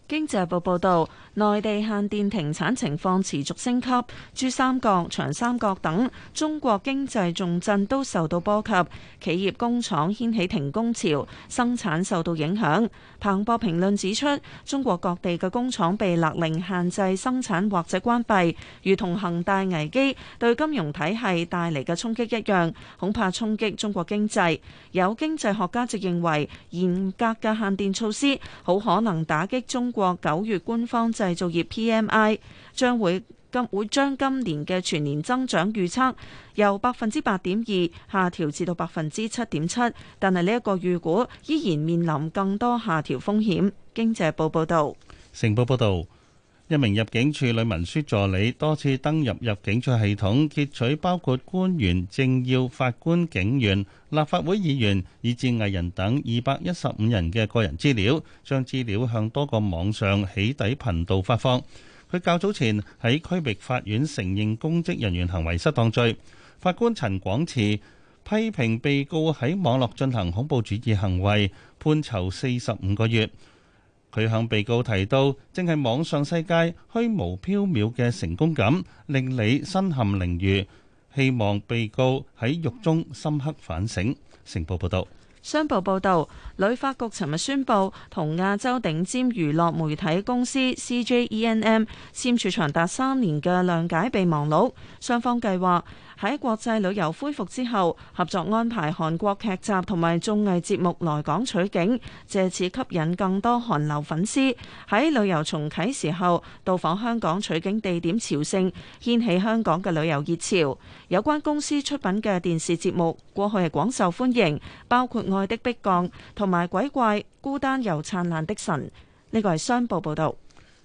經濟日報報道，內地限電停產情況持續升級，珠三角、長三角等中國經濟重鎮都受到波及，企業工廠掀起停工潮，生產受到影響。彭博評論指出，中國各地嘅工廠被勒令限制生產或者關閉，如同恒大危機對金融體系帶嚟嘅衝擊一樣，恐怕衝擊中國經濟。有經濟學家就認為，嚴格嘅限電措施好可能打擊中國。國九月官方製造業 PMI 將會今會將今年嘅全年增長預測由百分之八點二下調至到百分之七點七，但係呢一個預估依然面臨更多下調風險。經濟日報報道，成報報道。一名入境處女文書助理多次登入入境處系統，截取包括官員、政要、法官、警員、立法會議員以至藝人等二百一十五人嘅個人資料，將資料向多個網上起底頻道發放。佢較早前喺區域法院承認公職人員行為失當罪，法官陳廣慈批評被告喺網絡進行恐怖主義行為，判囚四十五個月。佢向被告提到，正係網上世界虛無縹緲嘅成功感，令你身陷囹圄。希望被告喺獄中深刻反省。成報報道，商報報道，旅發局尋日宣布同亞洲頂尖娛樂媒體公司 CJENM 簽署長達三年嘅諒解備忘錄，雙方計劃。喺國際旅遊恢復之後，合作安排韓國劇集同埋綜藝節目來港取景，借此吸引更多韓流粉絲喺旅遊重啟時候到訪香港取景地點朝聖，掀起香港嘅旅遊熱潮。有關公司出品嘅電視節目過去係廣受歡迎，包括《愛的迫降》同埋《鬼怪》、《孤單又燦爛的神》。呢個係商報報道。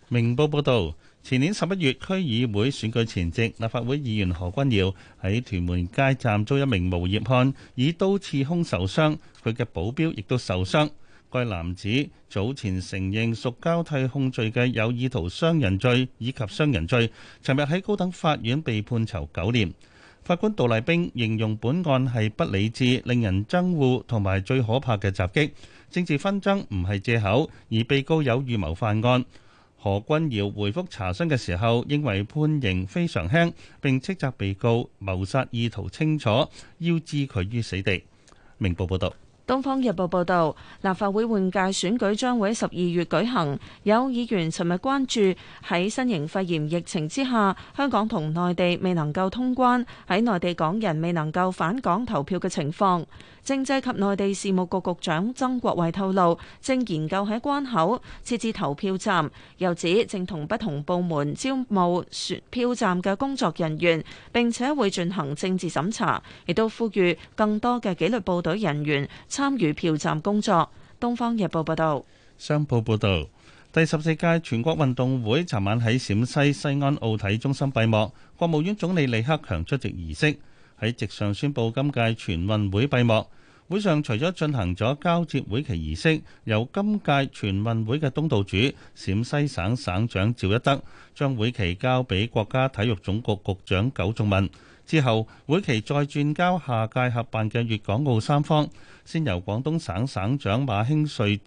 明報報道。前年十一月區議會選舉前夕，立法會議員何君堯喺屯門街站遭一名無業漢以刀刺胸受傷，佢嘅保鏢亦都受傷。該男子早前承認屬交替控罪嘅有意圖傷人罪以及傷人罪，尋日喺高等法院被判囚九年。法官杜麗冰形容本案係不理智、令人憎惡同埋最可怕嘅襲擊，政治紛爭唔係借口，而被告有預謀犯案。何君堯回覆查詢嘅時候，認為判刑非常輕，並斥責被告謀殺意圖清楚，要置佢於死地。明報報道。《東方日報》報道，立法會換屆選舉將會喺十二月舉行。有議員尋日關注喺新型肺炎疫情之下，香港同內地未能夠通關，喺內地港人未能夠返港投票嘅情況。政制及內地事務局局長曾國衛透露，正研究喺關口設置投票站，又指正同不同部門招募選票站嘅工作人員，並且會進行政治審查，亦都呼籲更多嘅紀律部隊人員。參與票站工作。《東方日報》報道，《商報》報道，第十四屆全國運動會尋晚喺陝西西安奧體中心閉幕，國務院總理李克強出席儀式，喺席上宣布今屆全運會閉幕。會上除咗進行咗交接會期儀式，由今屆全運會嘅東道主陝西省省長趙一德將會期交俾國家體育總局局長苟仲文。之後，會期再轉交下屆合辦嘅粵港澳三方，先由廣東省省長馬興瑞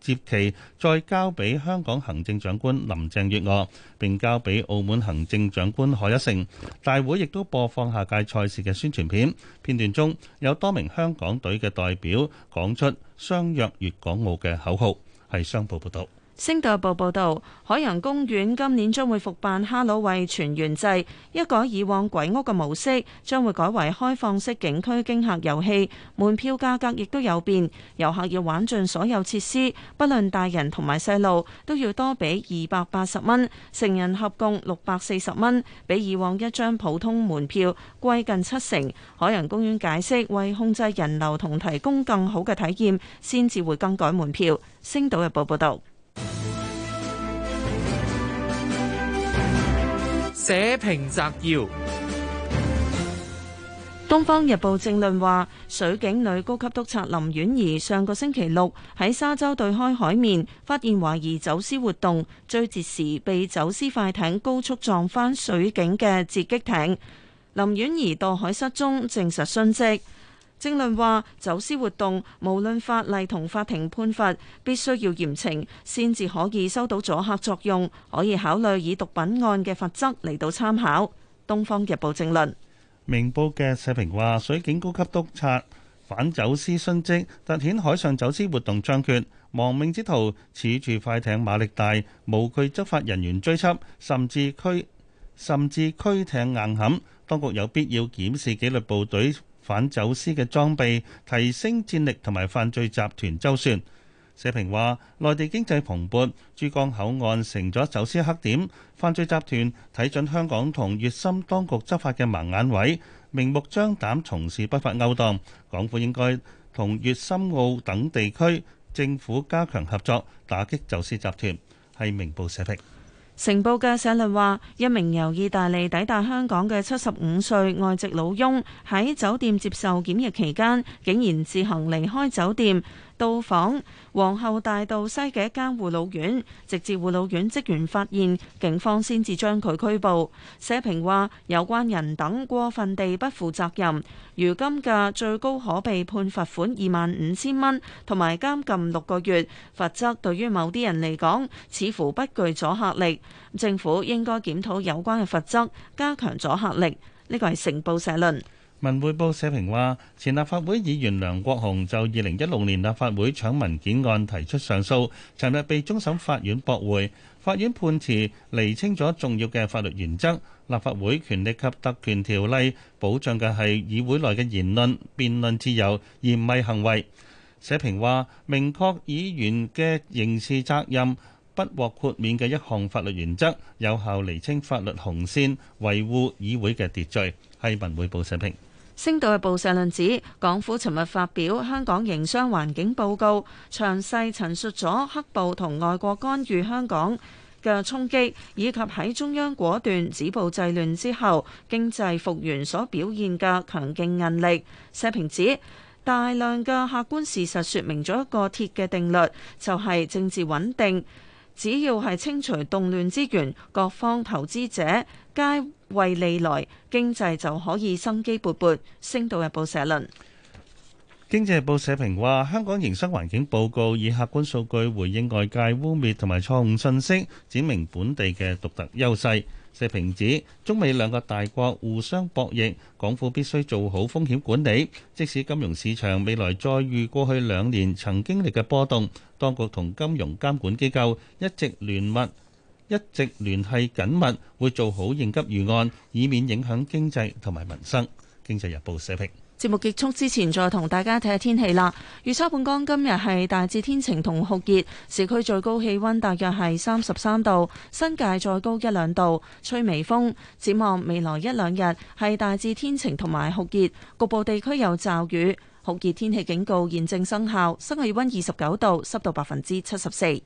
接旗，再交俾香港行政長官林鄭月娥，並交俾澳門行政長官賀一誠。大會亦都播放下屆賽事嘅宣傳片。片段中有多名香港隊嘅代表講出相約粵港澳嘅口號。係商報報道。《星島日報》報導，海洋公園今年將會復辦哈囉喂全園制，一改以往鬼屋嘅模式，將會改為開放式景區驚嚇遊戲。門票價格亦都有變，遊客要玩盡所有設施，不論大人同埋細路，都要多俾二百八十蚊，成人合共六百四十蚊，比以往一張普通門票貴近七成。海洋公園解釋，為控制人流同提供更好嘅體驗，先至會更改門票。《星島日報》報道。社評摘要：《東方日報》正論話：水警女高級督察林婉儀上個星期六喺沙洲對開海面發現懷疑走私活動，追截時被走私快艇高速撞翻水警嘅截擊艇，林婉儀墮海失蹤，證實殉職。政論話走私活動無論法例同法庭判罰，必須要嚴懲，先至可以收到阻嚇作用。可以考慮以毒品案嘅法則嚟到參考。《東方日報》政論。明報嘅社評話：水警高級督察反走私殉職，突顯海上走私活動猖獗。亡命之徒恃住快艇馬力大，無懼執法人員追緝，甚至驅甚至驅艇硬撼。當局有必要檢視紀律部隊反走私嘅裝備，提升戰力，同埋犯罪集團周旋。社評話：內地經濟蓬勃，珠江口岸成咗走私黑點，犯罪集團睇準香港同粵深當局執法嘅盲眼位，明目張膽從事不法勾當。港府應該同粵深澳等地區政府加強合作，打擊走私集團，係明報社評。成報嘅社論話：一名由意大利抵達香港嘅七十五歲外籍老翁喺酒店接受檢疫期間，竟然自行離開酒店。到訪皇后大道西嘅一間護老院，直至護老院職員發現，警方先至將佢拘捕。社評話：有關人等過分地不負責任，如今嘅最高可被判罰款二萬五千蚊，同埋監禁六個月，罰則對於某啲人嚟講，似乎不具阻嚇力。政府應該檢討有關嘅罰則，加強阻嚇力。呢個係成報社論。文匯報社評話，前立法會議員梁國雄就二零一六年立法會搶文件案提出上訴，尋日被終審法院駁回。法院判詞釐清咗重要嘅法律原則，立法會權力及特權條例保障嘅係議會內嘅言論辯論自由，而唔係行為。社評話，明確議員嘅刑事責任不獲豁免嘅一項法律原則，有效釐清法律紅線，維護議會嘅秩序。係文匯報社評。《星島日報》社論指，港府尋日發表《香港營商環境報告》，詳細陳述咗黑暴同外國干預香港嘅衝擊，以及喺中央果斷止暴制亂之後，經濟復原所表現嘅強勁韌力。社評指，大量嘅客觀事實說明咗一個鐵嘅定律，就係、是、政治穩定，只要係清除動亂之源，各方投資者皆，為未來經濟就可以生機勃勃，星島日報社論。經濟日報社評話，香港營商環境報告以客觀數據回應外界污衊同埋錯誤信息，展明本地嘅獨特優勢。社評指，中美兩個大國互相博弈，港府必須做好風險管理，即使金融市場未來再遇過去兩年曾經歷嘅波動，當局同金融監管機構一直聯密。一直聯繫緊密，會做好應急預案，以免影響經濟同埋民生。經濟日報社評。節目結束之前，再同大家睇下天氣啦。預測本港今日係大致天晴同酷熱，市區最高氣温大約係三十三度，新界再高一兩度，吹微風。展望未來一兩日係大致天晴同埋酷熱，局部地區有驟雨。酷熱天氣警告現正生效，室氣温二十九度，濕度百分之七十四。